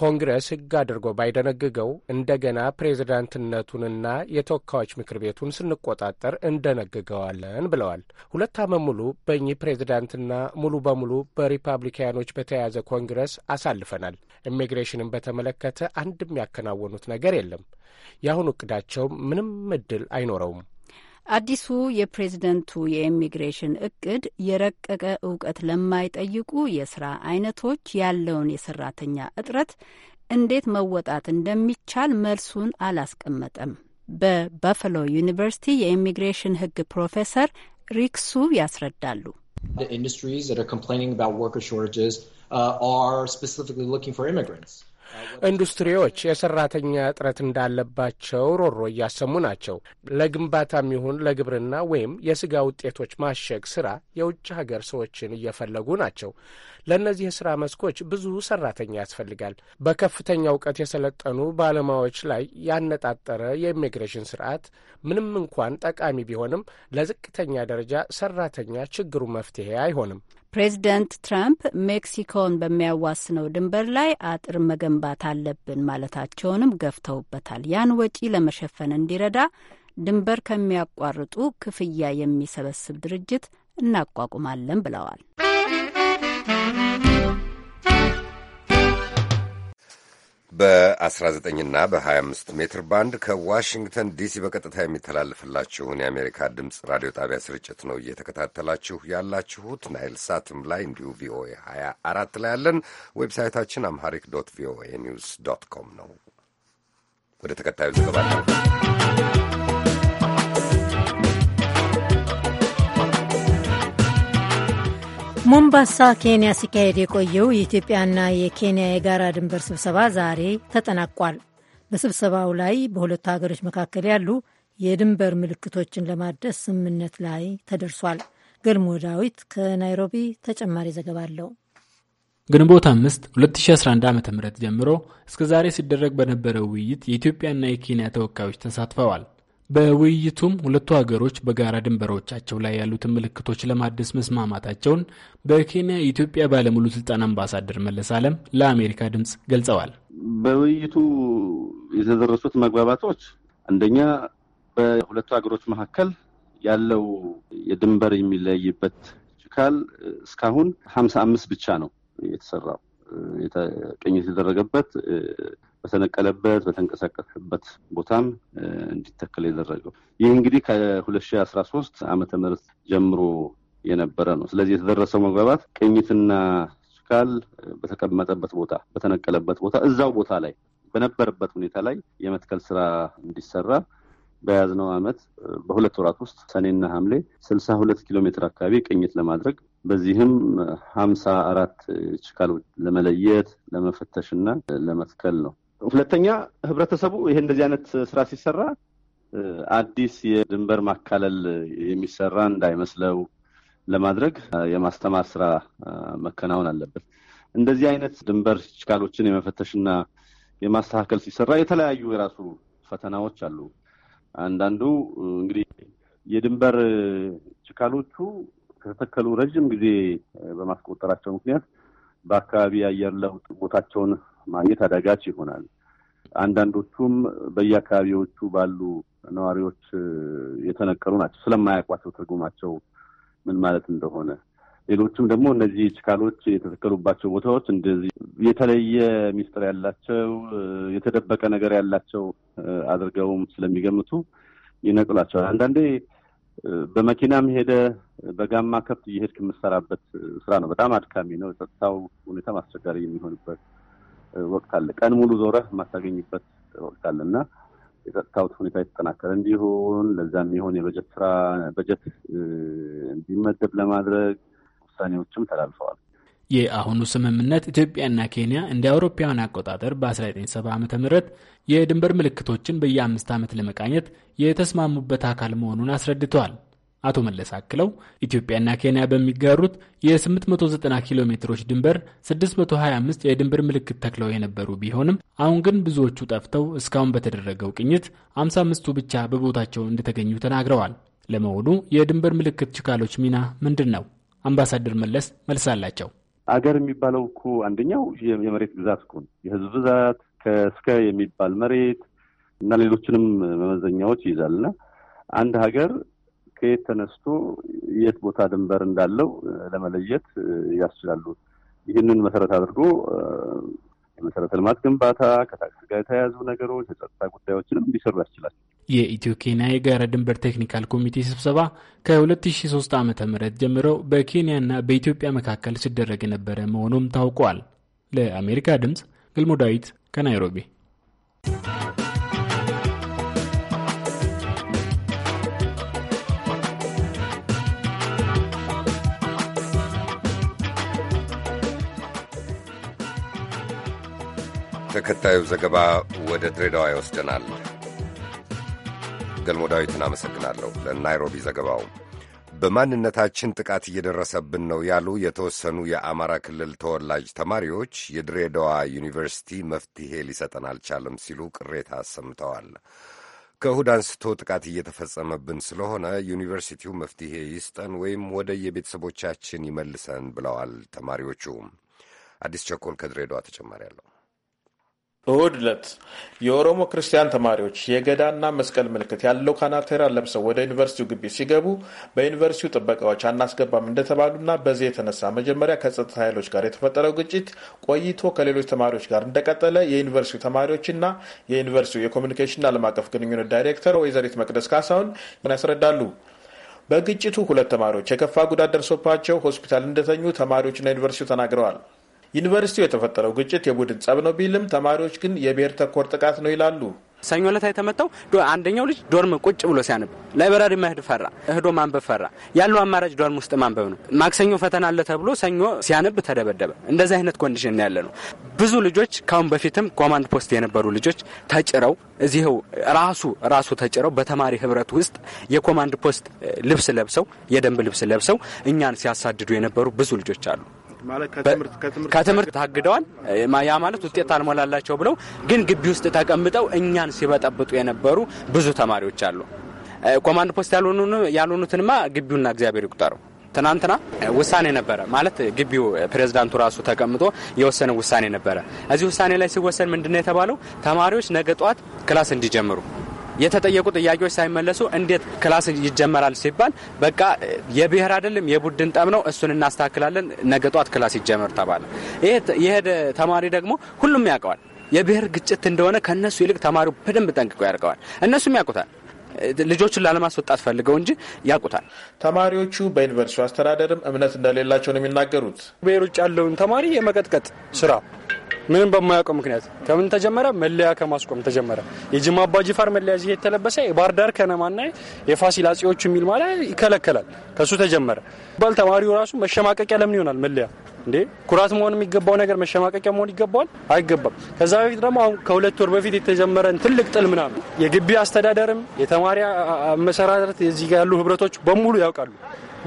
Speaker 7: ኮንግረስ ሕግ አድርጎ ባይደነግገው እንደገና ፕሬዝዳንትነቱንና የተወካዮች ምክር ቤቱን ስንቆጣጠር እንደነግገዋለን ብለዋል። ሁለት ዓመት ሙሉ በእኚህ ፕሬዝዳንትና ሙሉ በሙሉ በሪፐብሊካኖች በተያያዘ ኮንግረስ አሳልፈናል። ኢሚግሬሽንን በተመለከተ አንድም ያከናወኑት
Speaker 18: ነገር የለም። የአሁኑ እቅዳቸው ምንም እድል አይኖረውም። አዲሱ የፕሬዝደንቱ የኢሚግሬሽን እቅድ የረቀቀ እውቀት ለማይጠይቁ የስራ አይነቶች ያለውን የሰራተኛ እጥረት እንዴት መወጣት እንደሚቻል መልሱን አላስቀመጠም። በበፈሎ ዩኒቨርሲቲ የኢሚግሬሽን ሕግ ፕሮፌሰር ሪክሱ ያስረዳሉ።
Speaker 12: ኢንዱስትሪስ ር ኮምፕሌኒንግ አባውት ወርከር
Speaker 7: ሾርቴጅስ አር ስፔሲፊካሊ ሉኪንግ ፎር ኢሚግራንትስ ኢንዱስትሪዎች የሰራተኛ እጥረት እንዳለባቸው ሮሮ እያሰሙ ናቸው። ለግንባታም ይሁን ለግብርና ወይም የስጋ ውጤቶች ማሸግ ስራ የውጭ ሀገር ሰዎችን እየፈለጉ ናቸው። ለእነዚህ የስራ መስኮች ብዙ ሰራተኛ ያስፈልጋል። በከፍተኛ እውቀት የሰለጠኑ ባለሙያዎች ላይ ያነጣጠረ የኢሚግሬሽን ስርዓት ምንም እንኳን ጠቃሚ ቢሆንም ለዝቅተኛ ደረጃ ሰራተኛ ችግሩ መፍትሄ አይሆንም።
Speaker 18: ፕሬዚደንት ትራምፕ ሜክሲኮን በሚያዋስነው ድንበር ላይ አጥር መገንባት አለብን ማለታቸውንም ገፍተውበታል። ያን ወጪ ለመሸፈን እንዲረዳ ድንበር ከሚያቋርጡ ክፍያ የሚሰበስብ ድርጅት እናቋቁማለን ብለዋል።
Speaker 1: በ19ና በ25 ሜትር ባንድ ከዋሽንግተን ዲሲ በቀጥታ የሚተላልፍላችሁን የአሜሪካ ድምፅ ራዲዮ ጣቢያ ስርጭት ነው እየተከታተላችሁ ያላችሁት። ናይል ሳትም ላይ እንዲሁ ቪኦኤ 24 ላይ ያለን። ዌብሳይታችን አምሃሪክ ዶት ቪኦኤ ኒውስ ዶት ኮም ነው። ወደ ተከታዩ ዘገባ ነው።
Speaker 2: ሞምባሳ ኬንያ ሲካሄድ የቆየው የኢትዮጵያና የኬንያ የጋራ ድንበር ስብሰባ ዛሬ ተጠናቋል። በስብሰባው ላይ በሁለቱ ሀገሮች መካከል ያሉ የድንበር ምልክቶችን ለማደስ ስምምነት ላይ ተደርሷል። ገልሞ ዳዊት ከናይሮቢ ተጨማሪ ዘገባ አለው።
Speaker 20: ግንቦት አምስት 2011 ዓ ም ጀምሮ እስከ ዛሬ ሲደረግ በነበረው ውይይት የኢትዮጵያና የኬንያ ተወካዮች ተሳትፈዋል። በውይይቱም ሁለቱ ሀገሮች በጋራ ድንበሮቻቸው ላይ ያሉትን ምልክቶች ለማደስ መስማማታቸውን በኬንያ የኢትዮጵያ ባለሙሉ ስልጣን አምባሳደር መለስ አለም ለአሜሪካ ድምፅ ገልጸዋል።
Speaker 21: በውይይቱ የተደረሱት መግባባቶች አንደኛ በሁለቱ ሀገሮች መካከል ያለው የድንበር የሚለይበት ችካል እስካሁን ሀምሳ አምስት ብቻ ነው የተሰራው ቅኝት የተደረገበት በተነቀለበት በተንቀሳቀስበት ቦታም እንዲተከል የደረገው ይህ እንግዲህ ከሁለት ሺህ አስራ ሶስት ዓመተ ምህረት ጀምሮ የነበረ ነው። ስለዚህ የተደረሰው መግባባት ቅኝትና ችካል በተቀመጠበት ቦታ በተነቀለበት ቦታ እዛው ቦታ ላይ በነበረበት ሁኔታ ላይ የመትከል ስራ እንዲሰራ በያዝነው ዓመት በሁለት ወራት ውስጥ ሰኔና ሐምሌ ስልሳ ሁለት ኪሎ ሜትር አካባቢ ቅኝት ለማድረግ በዚህም ሀምሳ አራት ችካሎች ለመለየት ለመፈተሽና ለመትከል ነው። ሁለተኛ ህብረተሰቡ ይሄ እንደዚህ አይነት ስራ ሲሰራ አዲስ የድንበር ማካለል የሚሰራ እንዳይመስለው ለማድረግ የማስተማር ስራ መከናወን አለበት። እንደዚህ አይነት ድንበር ችካሎችን የመፈተሽና የማስተካከል ሲሰራ የተለያዩ የራሱ ፈተናዎች አሉ። አንዳንዱ እንግዲህ የድንበር ችካሎቹ ከተተከሉ ረዥም ጊዜ በማስቆጠራቸው ምክንያት በአካባቢ የአየር ለውጥ ቦታቸውን ማግኘት አዳጋች ይሆናል። አንዳንዶቹም በየአካባቢዎቹ ባሉ ነዋሪዎች የተነቀሉ ናቸው ስለማያውቋቸው ትርጉማቸው ምን ማለት እንደሆነ ሌሎችም ደግሞ እነዚህ ችካሎች የተተከሉባቸው ቦታዎች እንደዚህ የተለየ ሚስጥር ያላቸው የተደበቀ ነገር ያላቸው አድርገውም ስለሚገምቱ ይነቅሏቸዋል። አንዳንዴ በመኪናም ሄደ በጋማ ከብት እየሄድክ የምትሰራበት ስራ ነው። በጣም አድካሚ ነው። የጸጥታው ሁኔታ አስቸጋሪ የሚሆንበት ወቅት አለ። ቀን ሙሉ ዞረህ የማታገኝበት ወቅት አለ እና የጸጥታው ሁኔታ የተጠናከረ እንዲሆን ለዛም የሚሆን የበጀት ስራ በጀት እንዲመደብ ለማድረግ ውሳኔዎችም ተላልፈዋል።
Speaker 20: የአሁኑ ስምምነት ኢትዮጵያና ኬንያ እንደ አውሮፓውያን አቆጣጠር በ1970 ዓ ም የድንበር ምልክቶችን በየአምስት ዓመት ለመቃኘት የተስማሙበት አካል መሆኑን አስረድተዋል። አቶ መለስ አክለው ኢትዮጵያና ኬንያ በሚጋሩት የ890 ኪሎ ሜትሮች ድንበር 625 የድንበር ምልክት ተክለው የነበሩ ቢሆንም አሁን ግን ብዙዎቹ ጠፍተው እስካሁን በተደረገው ቅኝት 55ቱ ብቻ በቦታቸው እንደተገኙ ተናግረዋል። ለመሆኑ የድንበር ምልክት ችካሎች ሚና ምንድን ነው? አምባሳደር መለስ መልስ አላቸው።
Speaker 21: አገር የሚባለው እኮ አንደኛው የመሬት ግዛት እኮ ነው። የህዝብ ብዛት ከእስከ የሚባል መሬት እና ሌሎችንም መመዘኛዎች ይይዛል እና አንድ ሀገር ከየት ተነስቶ የት ቦታ ድንበር እንዳለው ለመለየት ያስችላሉ። ይህንን መሰረት አድርጎ የመሰረተ ልማት ግንባታ፣ ከታክስ ጋር የተያያዙ ነገሮች፣ የጸጥታ ጉዳዮችንም እንዲሰሩ ያስችላል።
Speaker 20: የኢትዮ ኬንያ የጋራ ድንበር ቴክኒካል ኮሚቴ ስብሰባ ከ2003 ዓ ም ጀምሮ በኬንያና በኢትዮጵያ መካከል ሲደረግ የነበረ መሆኑም ታውቋል። ለአሜሪካ ድምፅ ገልሞ ዳዊት ከናይሮቢ።
Speaker 1: ተከታዩ ዘገባ ወደ ድሬዳዋ ይወስደናል። ገልሞ ዳዊትን አመሰግናለሁ ለናይሮቢ ዘገባው። በማንነታችን ጥቃት እየደረሰብን ነው ያሉ የተወሰኑ የአማራ ክልል ተወላጅ ተማሪዎች የድሬዳዋ ዩኒቨርሲቲ መፍትሄ ሊሰጠን አልቻለም ሲሉ ቅሬታ አሰምተዋል። ከእሁድ አንስቶ ጥቃት እየተፈጸመብን ስለሆነ ዩኒቨርሲቲው መፍትሄ ይስጠን ወይም ወደ የቤተሰቦቻችን ይመልሰን ብለዋል ተማሪዎቹ። አዲስ ቸኮል ከድሬዳዋ ተጨማሪ አለው። እሁድ ዕለት የኦሮሞ
Speaker 22: ክርስቲያን ተማሪዎች የገዳና መስቀል ምልክት ያለው ካናቴራ ለብሰው ወደ ዩኒቨርሲቲው ግቢ ሲገቡ በዩኒቨርሲቲው ጥበቃዎች አናስገባም እንደተባሉና በዚህ የተነሳ መጀመሪያ ከጸጥታ ኃይሎች ጋር የተፈጠረው ግጭት ቆይቶ ከሌሎች ተማሪዎች ጋር እንደቀጠለ የዩኒቨርሲቲው ተማሪዎችና የዩኒቨርሲቲው የኮሚኒኬሽንና ዓለም አቀፍ ግንኙነት ዳይሬክተር ወይዘሪት መቅደስ ካሳሁን ያስረዳሉ። በግጭቱ ሁለት ተማሪዎች የከፋ ጉዳት ደርሶባቸው ሆስፒታል እንደተኙ ተማሪዎችና ዩኒቨርሲቲው ተናግረዋል። ዩኒቨርሲቲው የተፈጠረው ግጭት የቡድን ጸብ ነው ቢልም ተማሪዎች ግን የብሔር ተኮር ጥቃት ነው ይላሉ።
Speaker 14: ሰኞ ዕለት የተመታው አንደኛው ልጅ ዶርም ቁጭ ብሎ ሲያነብ ላይብራሪ መሄድ ፈራ፣ እህዶ ማንበብ ፈራ። ያለው አማራጭ ዶርም ውስጥ ማንበብ ነው። ማክሰኞ ፈተና አለ ተብሎ ሰኞ ሲያነብ ተደበደበ። እንደዚህ አይነት ኮንዲሽን ያለ ነው። ብዙ ልጆች ካሁን በፊትም ኮማንድ ፖስት የነበሩ ልጆች ተጭረው እዚህው ራሱ ራሱ ተጭረው በተማሪ ህብረት ውስጥ የኮማንድ ፖስት ልብስ ለብሰው የደንብ ልብስ ለብሰው እኛን ሲያሳድዱ የነበሩ ብዙ ልጆች አሉ። ከትምህርት ታግደዋል። ያ ማለት ውጤት አልሞላላቸው ብለው ግን ግቢ ውስጥ ተቀምጠው እኛን ሲበጠብጡ የነበሩ ብዙ ተማሪዎች አሉ። ኮማንድ ፖስት ያልሆኑትንማ ግቢውና እግዚአብሔር ይቁጠረው። ትናንትና ውሳኔ ነበረ ማለት ግቢው ፕሬዚዳንቱ ራሱ ተቀምጦ የወሰነ ውሳኔ ነበረ። እዚህ ውሳኔ ላይ ሲወሰን ምንድነው የተባለው? ተማሪዎች ነገ ጠዋት ክላስ እንዲጀምሩ የተጠየቁ ጥያቄዎች ሳይመለሱ እንዴት ክላስ ይጀመራል ሲባል በቃ የብሔር አይደለም የቡድን ጠብ ነው፣ እሱን እናስተካክላለን፣ ነገ ጧት ክላስ ይጀመር ተባለ። ይሄ ተማሪ ደግሞ ሁሉም ያውቀዋል የብሔር ግጭት እንደሆነ ከእነሱ ይልቅ ተማሪው በደንብ ጠንቅቆ ያርቀዋል። እነሱም ያውቁታል። ልጆቹን ላለማስወጣት ፈልገው እንጂ ያውቁታል።
Speaker 22: ተማሪዎቹ በዩኒቨርስቲው አስተዳደርም እምነት እንደሌላቸው ነው የሚናገሩት። ብሔር ውጭ ያለውን ተማሪ
Speaker 23: የመቀጥቀጥ ስራ ምንም በማያውቀው ምክንያት ከምን ተጀመረ? መለያ ከማስቆም ተጀመረ። የጅማ አባጅፋር መለያ ዚህ የተለበሰ የባህር ዳር ከነማና የፋሲል አጼዎች የሚል ማለት ይከለከላል። ከሱ ተጀመረ ባል ተማሪው ራሱ መሸማቀቂያ ለምን ይሆናል? መለያ እንዴ ኩራት መሆን የሚገባው ነገር መሸማቀቂያ መሆን ይገባዋል? አይገባም። ከዛ በፊት ደግሞ አሁን ከሁለት ወር በፊት የተጀመረን ትልቅ ጥል ምናምን የግቢ አስተዳደርም የተማሪ መሰራረት እዚህ ያሉ ህብረቶች በሙሉ ያውቃሉ።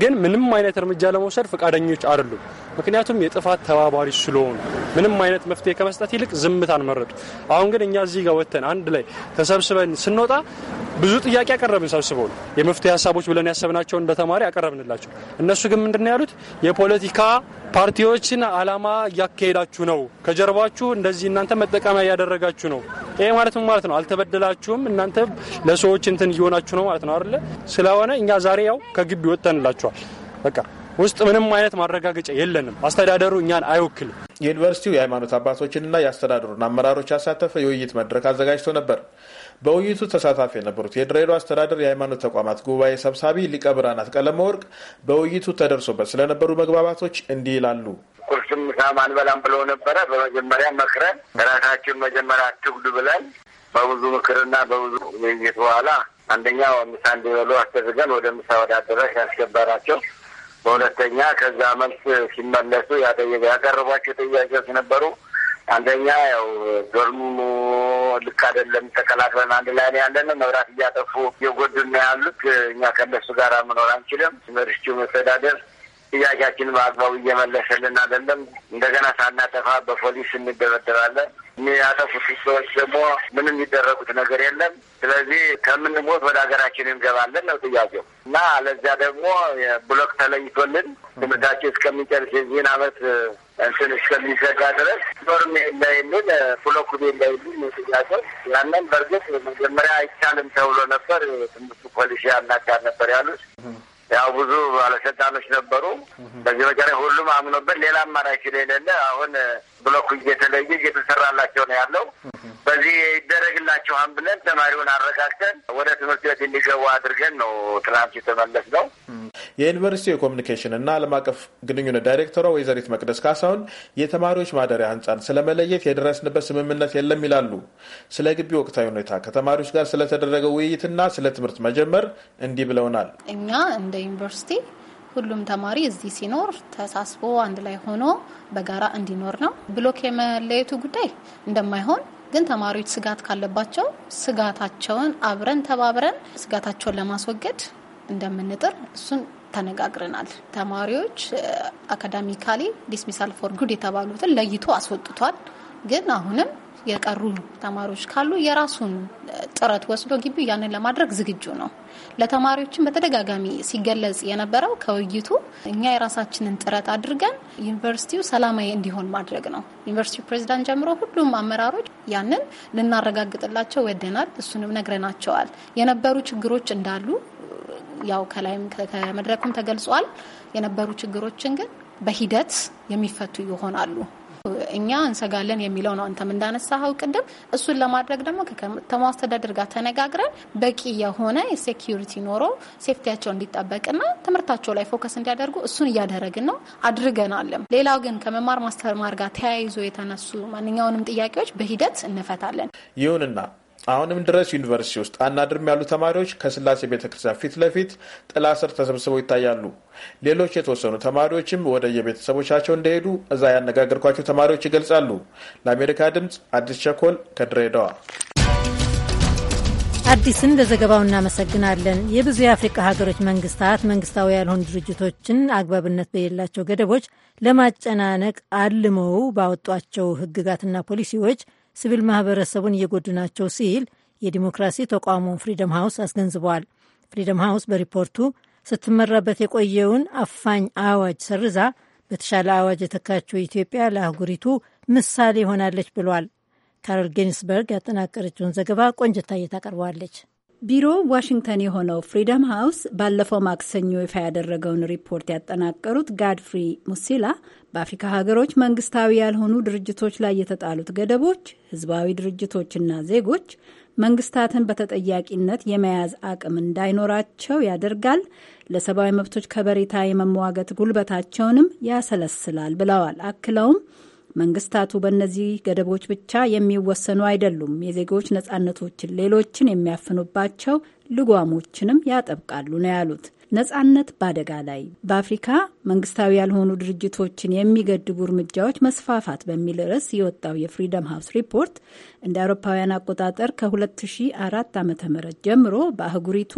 Speaker 23: ግን ምንም አይነት እርምጃ ለመውሰድ ፈቃደኞች አይደሉም። ምክንያቱም የጥፋት ተባባሪ ስለሆኑ ምንም አይነት መፍትሄ ከመስጠት ይልቅ ዝምታን መረጡ። አሁን ግን እኛ እዚህ ጋር ወጥተን አንድ ላይ ተሰብስበን ስንወጣ ብዙ ጥያቄ ያቀረብን ሰብስበው የመፍትሄ ሀሳቦች ብለን ያሰብናቸውን እንደ ተማሪ ያቀረብንላቸው። እነሱ ግን ምንድን ነው ያሉት የፖለቲካ ፓርቲዎችን አላማ እያካሄዳችሁ ነው፣ ከጀርባችሁ እንደዚህ እናንተ መጠቀሚያ እያደረጋችሁ ነው። ይሄ ማለት ምን ማለት ነው? አልተበደላችሁም፣ እናንተ ለሰዎች እንትን እየሆናችሁ ነው ማለት ነው አይደለ? ስለሆነ እኛ ዛሬ ያው ከግቢ ወጥተንላችኋል። በቃ ውስጥ ምንም አይነት ማረጋገጫ የለንም። አስተዳደሩ እኛን
Speaker 22: አይወክልም። ዩኒቨርሲቲው የሃይማኖት አባቶችንና የአስተዳደሩን አመራሮች ያሳተፈ የውይይት መድረክ አዘጋጅቶ ነበር። በውይይቱ ተሳታፊ የነበሩት የድሬዳዋ አስተዳደር የሃይማኖት ተቋማት ጉባኤ ሰብሳቢ ሊቀ ብርሃናት ቀለመወርቅ ወርቅ በውይይቱ ተደርሶበት ስለነበሩ መግባባቶች እንዲህ ይላሉ።
Speaker 19: ቁርስም ምሳም አንበላም ብለው ነበረ። በመጀመሪያ መክረን ራሳችን መጀመሪያ አትጉዱ ብለን በብዙ ምክርና በብዙ ውይይት በኋላ አንደኛው ምሳ እንዲበሉ አስደርገን ወደ ምሳ ወደ አደረሽ ያስገባራቸው በሁለተኛ ከዛ መልስ ሲመለሱ ያቀረቧቸው ጥያቄዎች ነበሩ። አንደኛ ያው ዶርሙ ልክ አይደለም። ተቀላቅለን አንድ ላይ ያለ ነው መብራት እያጠፉ እየጎዱን ነው ያሉት። እኛ ከነሱ ጋር መኖር አንችልም። መሪችው መስተዳደር ጥያቄያችን በአግባቡ እየመለሰልን አይደለም። እንደገና ሳናጠፋ በፖሊስ እንደበደባለን። ያጠፉት ሰዎች ደግሞ ምንም የሚደረጉት ነገር የለም። ስለዚህ ከምንሞት ወደ ሀገራችን እንገባለን ነው ጥያቄው እና ለዚያ ደግሞ ብሎክ ተለይቶልን ትምህርታችን እስከሚጨርስ የዚህን አመት እንትን እስከሚዘጋ ድረስ ዶርም እንዳይሉን ብሎክ ቤት እንዳይሉን ጥያቄ ያንን በእርግጥ መጀመሪያ አይቻልም ተብሎ ነበር። ትምህርቱ ፖሊሲ ያናጋር ነበር ያሉት ያው ብዙ ባለስልጣኖች ነበሩ። በዚህ መጨረሻ ሁሉም አምኖበት ሌላ አማራጭ ስለሌለ አሁን ብሎኩ እየተለየ እየተሰራላቸው ነው ያለው። በዚህ ይደረግላቸዋል ብለን ተማሪውን አረጋግተን ወደ ትምህርት ቤት እንዲገቡ አድርገን ነው ትናንት የተመለስ ነው።
Speaker 22: የዩኒቨርሲቲ የኮሚኒኬሽን እና ዓለም አቀፍ ግንኙነት ዳይሬክተሯ ወይዘሪት መቅደስ ካሳሁን የተማሪዎች ማደሪያ ህንፃን ስለመለየት የደረስንበት ስምምነት የለም ይላሉ። ስለ ግቢ ወቅታዊ ሁኔታ ከተማሪዎች ጋር ስለተደረገ ውይይትና ስለ ትምህርት መጀመር እንዲህ ብለውናል።
Speaker 11: እኛ እንደ ዩኒቨርሲቲ ሁሉም ተማሪ እዚህ ሲኖር ተሳስቦ አንድ ላይ ሆኖ በጋራ እንዲኖር ነው። ብሎክ የመለየቱ ጉዳይ እንደማይሆን ግን ተማሪዎች ስጋት ካለባቸው ስጋታቸውን አብረን ተባብረን ስጋታቸውን ለማስወገድ እንደምንጥር እሱን ተነጋግረናል። ተማሪዎች አካዳሚካሊ ዲስሚሳል ፎር ጉድ የተባሉትን ለይቶ አስወጥቷል። ግን አሁንም የቀሩ ተማሪዎች ካሉ የራሱን ጥረት ወስዶ ግቢው ያንን ለማድረግ ዝግጁ ነው። ለተማሪዎችም በተደጋጋሚ ሲገለጽ የነበረው ከውይይቱ እኛ የራሳችንን ጥረት አድርገን ዩኒቨርሲቲው ሰላማዊ እንዲሆን ማድረግ ነው። ዩኒቨርሲቲው ፕሬዚዳንት ጀምሮ ሁሉም አመራሮች ያንን ልናረጋግጥላቸው ወደናል። እሱንም ነግረናቸዋል። የነበሩ ችግሮች እንዳሉ ያው ከላይም ከመድረኩም ተገልጿል። የነበሩ ችግሮችን ግን በሂደት የሚፈቱ ይሆናሉ። እኛ እንሰጋለን የሚለው ነው። አንተም እንዳነሳኸው ቅድም እሱን ለማድረግ ደግሞ ከከተማው አስተዳደር ጋር ተነጋግረን በቂ የሆነ የሴኪሪቲ ኖሮ ሴፍቲያቸው እንዲጠበቅና ትምህርታቸው ላይ ፎከስ እንዲያደርጉ እሱን እያደረግን ነው፣ አድርገናለም። ሌላው ግን ከመማር ማስተማር ጋር ተያይዞ የተነሱ ማንኛውንም ጥያቄዎች በሂደት እንፈታለን።
Speaker 22: ይሁንና አሁንም ድረስ ዩኒቨርሲቲ ውስጥ አናድርም ያሉ ተማሪዎች ከስላሴ ቤተ ክርስቲያን ፊት ለፊት ጥላ ስር ተሰብስበው ይታያሉ። ሌሎች የተወሰኑ ተማሪዎችም ወደ የቤተሰቦቻቸው እንደሄዱ እዛ ያነጋገርኳቸው ተማሪዎች ይገልጻሉ። ለአሜሪካ ድምፅ አዲስ ቸኮል ከድሬዳዋ።
Speaker 2: አዲስን ለዘገባው እናመሰግናለን። የብዙ የአፍሪካ ሀገሮች መንግስታት መንግስታዊ ያልሆኑ ድርጅቶችን አግባብነት በሌላቸው ገደቦች ለማጨናነቅ አልመው ባወጧቸው ህግጋትና ፖሊሲዎች ሲቪል ማህበረሰቡን እየጎዱ ናቸው ሲል የዲሞክራሲ ተቋሙ ፍሪደም ሃውስ አስገንዝበዋል። ፍሪደም ሃውስ በሪፖርቱ ስትመራበት የቆየውን አፋኝ አዋጅ ሰርዛ በተሻለ አዋጅ የተካቸው ኢትዮጵያ ለአህጉሪቱ ምሳሌ ሆናለች ብሏል። ካሮል ጌንስበርግ ያጠናቀረችውን ዘገባ ቆንጅታ እየታቀርበዋለች። ቢሮ ዋሽንግተን የሆነው ፍሪደም ሃውስ ባለፈው ማክሰኞ
Speaker 18: ይፋ ያደረገውን ሪፖርት ያጠናቀሩት ጋድፍሪ ሙሲላ በአፍሪካ ሀገሮች መንግስታዊ ያልሆኑ ድርጅቶች ላይ የተጣሉት ገደቦች ህዝባዊ ድርጅቶችና ዜጎች መንግስታትን በተጠያቂነት የመያዝ አቅም እንዳይኖራቸው ያደርጋል፣ ለሰብአዊ መብቶች ከበሬታ የመሟገት ጉልበታቸውንም ያሰለስላል ብለዋል። አክለውም መንግስታቱ በእነዚህ ገደቦች ብቻ የሚወሰኑ አይደሉም። የዜጎች ነጻነቶችን፣ ሌሎችን የሚያፍኑባቸው ልጓሞችንም ያጠብቃሉ ነው ያሉት። ነጻነት በአደጋ ላይ በአፍሪካ መንግስታዊ ያልሆኑ ድርጅቶችን የሚገድቡ እርምጃዎች መስፋፋት በሚል ርዕስ የወጣው የፍሪደም ሀውስ ሪፖርት እንደ አውሮፓውያን አቆጣጠር ከ2004 ም ጀምሮ በአህጉሪቱ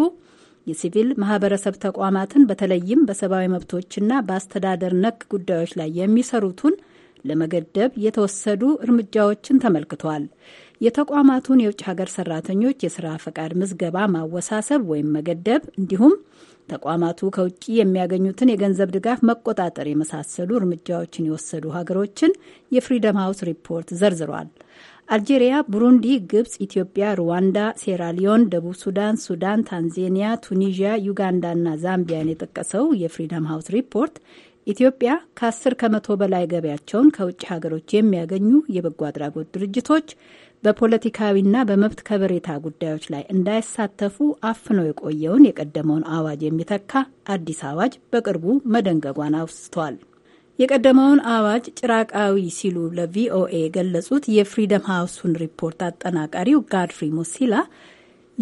Speaker 18: የሲቪል ማህበረሰብ ተቋማትን በተለይም በሰብአዊ መብቶችና በአስተዳደር ነክ ጉዳዮች ላይ የሚሰሩትን ለመገደብ የተወሰዱ እርምጃዎችን ተመልክቷል። የተቋማቱን የውጭ ሀገር ሰራተኞች የስራ ፈቃድ ምዝገባ ማወሳሰብ ወይም መገደብ እንዲሁም ተቋማቱ ከውጭ የሚያገኙትን የገንዘብ ድጋፍ መቆጣጠር የመሳሰሉ እርምጃዎችን የወሰዱ ሀገሮችን የፍሪደም ሀውስ ሪፖርት ዘርዝሯል። አልጄሪያ፣ ቡሩንዲ፣ ግብጽ፣ ኢትዮጵያ፣ ሩዋንዳ፣ ሴራሊዮን፣ ደቡብ ሱዳን፣ ሱዳን፣ ታንዜኒያ፣ ቱኒዥያ፣ ዩጋንዳና ዛምቢያን የጠቀሰው የፍሪደም ሀውስ ሪፖርት ኢትዮጵያ ከ10 ከመቶ በላይ ገቢያቸውን ከውጭ ሀገሮች የሚያገኙ የበጎ አድራጎት ድርጅቶች በፖለቲካዊና በመብት ከበሬታ ጉዳዮች ላይ እንዳይሳተፉ አፍኖ የቆየውን የቀደመውን አዋጅ የሚተካ አዲስ አዋጅ በቅርቡ መደንገጓን አውስቷል። የቀደመውን አዋጅ ጭራቃዊ ሲሉ ለቪኦኤ የገለጹት የፍሪደም ሃውሱን ሪፖርት አጠናቃሪው ጋድፍሪ ሙሲላ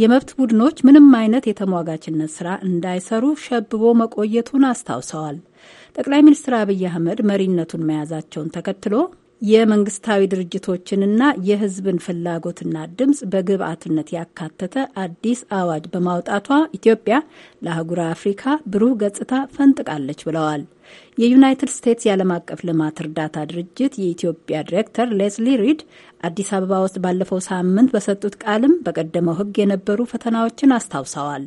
Speaker 18: የመብት ቡድኖች ምንም አይነት የተሟጋችነት ስራ እንዳይሰሩ ሸብቦ መቆየቱን አስታውሰዋል። ጠቅላይ ሚኒስትር አብይ አህመድ መሪነቱን መያዛቸውን ተከትሎ የመንግስታዊ ድርጅቶችንና የሕዝብን ፍላጎትና ድምፅ በግብአትነት ያካተተ አዲስ አዋጅ በማውጣቷ ኢትዮጵያ ለአህጉረ አፍሪካ ብሩህ ገጽታ ፈንጥቃለች ብለዋል። የዩናይትድ ስቴትስ የዓለም አቀፍ ልማት እርዳታ ድርጅት የኢትዮጵያ ዲሬክተር ሌስሊ ሪድ አዲስ አበባ ውስጥ ባለፈው ሳምንት በሰጡት ቃልም በቀደመው ሕግ የነበሩ ፈተናዎችን አስታውሰዋል።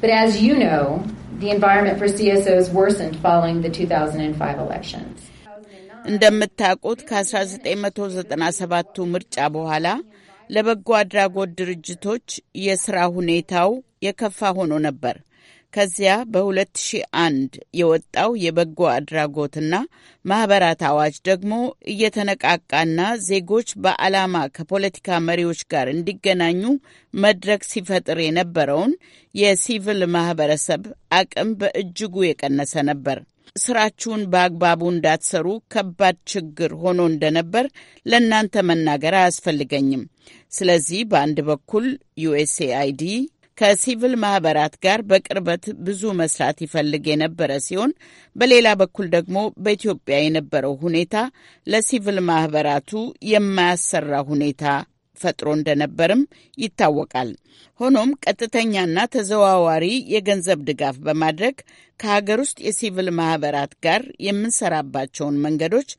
Speaker 11: But as you know, the environment for CSOs worsened following the 2005 elections.
Speaker 4: እንደምታውቁት ከ1997ቱ ምርጫ በኋላ ለበጎ አድራጎት ድርጅቶች የስራ ሁኔታው የከፋ ሆኖ ነበር። ከዚያ በ2001 የወጣው የበጎ አድራጎትና ማኅበራት አዋጅ ደግሞ እየተነቃቃና ዜጎች በዓላማ ከፖለቲካ መሪዎች ጋር እንዲገናኙ መድረክ ሲፈጥር የነበረውን የሲቪል ማኅበረሰብ አቅም በእጅጉ የቀነሰ ነበር። ስራችሁን በአግባቡ እንዳትሰሩ ከባድ ችግር ሆኖ እንደነበር ለእናንተ መናገር አያስፈልገኝም። ስለዚህ በአንድ በኩል ዩኤስኤአይዲ ከሲቪል ማህበራት ጋር በቅርበት ብዙ መስራት ይፈልግ የነበረ ሲሆን በሌላ በኩል ደግሞ በኢትዮጵያ የነበረው ሁኔታ ለሲቪል ማህበራቱ የማያሰራ ሁኔታ ፈጥሮ እንደነበርም ይታወቃል። ሆኖም ቀጥተኛና ተዘዋዋሪ የገንዘብ ድጋፍ በማድረግ ከሀገር ውስጥ የሲቪል ማህበራት ጋር የምንሰራባቸውን መንገዶች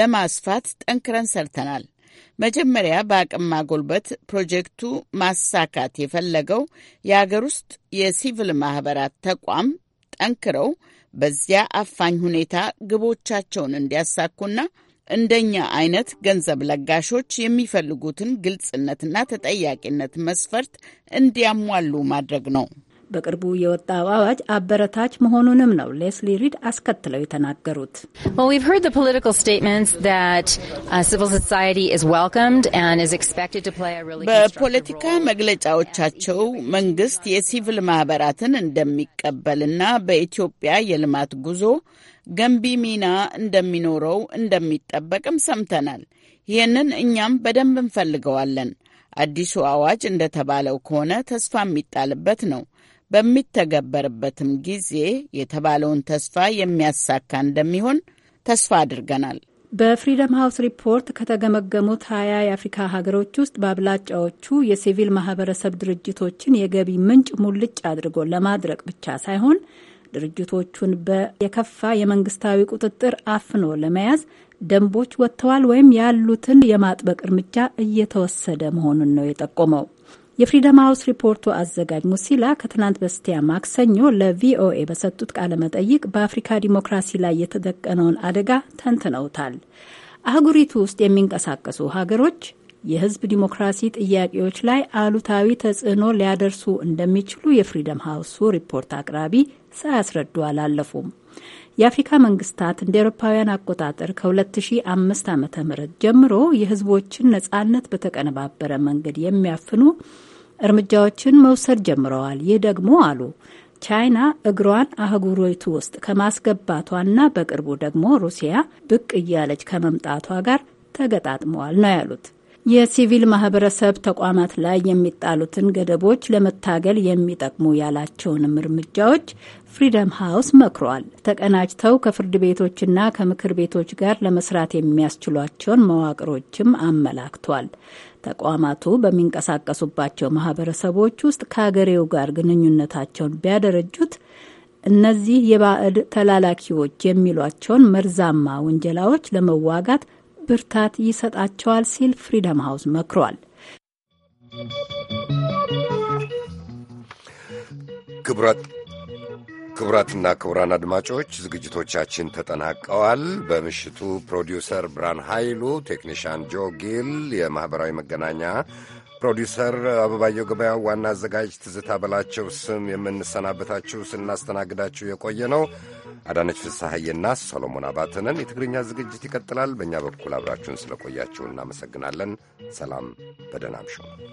Speaker 4: ለማስፋት ጠንክረን ሰርተናል። መጀመሪያ በአቅም ማጎልበት ፕሮጀክቱ ማሳካት የፈለገው የአገር ውስጥ የሲቪል ማህበራት ተቋም ጠንክረው በዚያ አፋኝ ሁኔታ ግቦቻቸውን እንዲያሳኩና እንደኛ አይነት ገንዘብ ለጋሾች የሚፈልጉትን ግልጽነትና ተጠያቂነት መስፈርት እንዲያሟሉ ማድረግ ነው። በቅርቡ የወጣው አዋጅ አበረታች
Speaker 18: መሆኑንም ነው ሌስሊ ሪድ አስከትለው የተናገሩት። uh,
Speaker 4: በፖለቲካ መግለጫዎቻቸው መንግስት የሲቪል ማህበራትን እንደሚቀበልና በኢትዮጵያ የልማት ጉዞ ገንቢ ሚና እንደሚኖረው እንደሚጠበቅም ሰምተናል። ይህንን እኛም በደንብ እንፈልገዋለን። አዲሱ አዋጅ እንደተባለው ከሆነ ተስፋ የሚጣልበት ነው። በሚተገበርበትም ጊዜ የተባለውን ተስፋ የሚያሳካ እንደሚሆን ተስፋ አድርገናል። በፍሪደም
Speaker 18: ሀውስ ሪፖርት ከተገመገሙት ሀያ የአፍሪካ ሀገሮች ውስጥ በአብላጫዎቹ የሲቪል ማህበረሰብ ድርጅቶችን የገቢ ምንጭ ሙልጭ አድርጎ ለማድረቅ ብቻ ሳይሆን ድርጅቶቹን በየከፋ የመንግስታዊ ቁጥጥር አፍኖ ለመያዝ ደንቦች ወጥተዋል ወይም ያሉትን የማጥበቅ እርምጃ እየተወሰደ መሆኑን ነው የጠቆመው። የፍሪደም ሀውስ ሪፖርቱ አዘጋጅ ሙሲላ ከትናንት በስቲያ ማክሰኞ ለቪኦኤ በሰጡት ቃለ መጠይቅ በአፍሪካ ዲሞክራሲ ላይ የተደቀነውን አደጋ ተንትነውታል። አህጉሪቱ ውስጥ የሚንቀሳቀሱ ሀገሮች የህዝብ ዲሞክራሲ ጥያቄዎች ላይ አሉታዊ ተጽዕኖ ሊያደርሱ እንደሚችሉ የፍሪደም ሀውሱ ሪፖርት አቅራቢ ሳያስረዱ አላለፉም። የአፍሪካ መንግስታት እንደ ኤሮፓውያን አቆጣጠር ከ2005 ዓ ም ጀምሮ የህዝቦችን ነጻነት በተቀነባበረ መንገድ የሚያፍኑ እርምጃዎችን መውሰድ ጀምረዋል። ይህ ደግሞ አሉ ቻይና እግሯን አህጉሮቱ ውስጥ ከማስገባቷና በቅርቡ ደግሞ ሩሲያ ብቅ እያለች ከመምጣቷ ጋር ተገጣጥመዋል ነው ያሉት። የሲቪል ማህበረሰብ ተቋማት ላይ የሚጣሉትን ገደቦች ለመታገል የሚጠቅሙ ያላቸውንም እርምጃዎች ፍሪደም ሃውስ መክሯል። ተቀናጅተው ከፍርድ ቤቶችና ከምክር ቤቶች ጋር ለመስራት የሚያስችሏቸውን መዋቅሮችም አመላክቷል። ተቋማቱ በሚንቀሳቀሱባቸው ማህበረሰቦች ውስጥ ከሀገሬው ጋር ግንኙነታቸውን ቢያደረጁት እነዚህ የባዕድ ተላላኪዎች የሚሏቸውን መርዛማ ውንጀላዎች ለመዋጋት ብርታት ይሰጣቸዋል ሲል ፍሪደም ሃውስ መክሯል።
Speaker 1: ክቡራት ክቡራትና ክቡራን አድማጮች ዝግጅቶቻችን ተጠናቀዋል። በምሽቱ ፕሮዲውሰር ብርሃን ኃይሉ፣ ቴክኒሽያን ጆ ጊል፣ የማኅበራዊ መገናኛ ፕሮዲውሰር አበባየው ገበያ፣ ዋና አዘጋጅ ትዝታ በላቸው ስም የምንሰናበታችሁ ስናስተናግዳችሁ የቆየ ነው አዳነች ፍስሐዬና ሰሎሞን አባተንን። የትግርኛ ዝግጅት ይቀጥላል። በእኛ በኩል አብራችሁን ቆያችሁ እናመሰግናለን። ሰላም፣ በደህና አምሹ።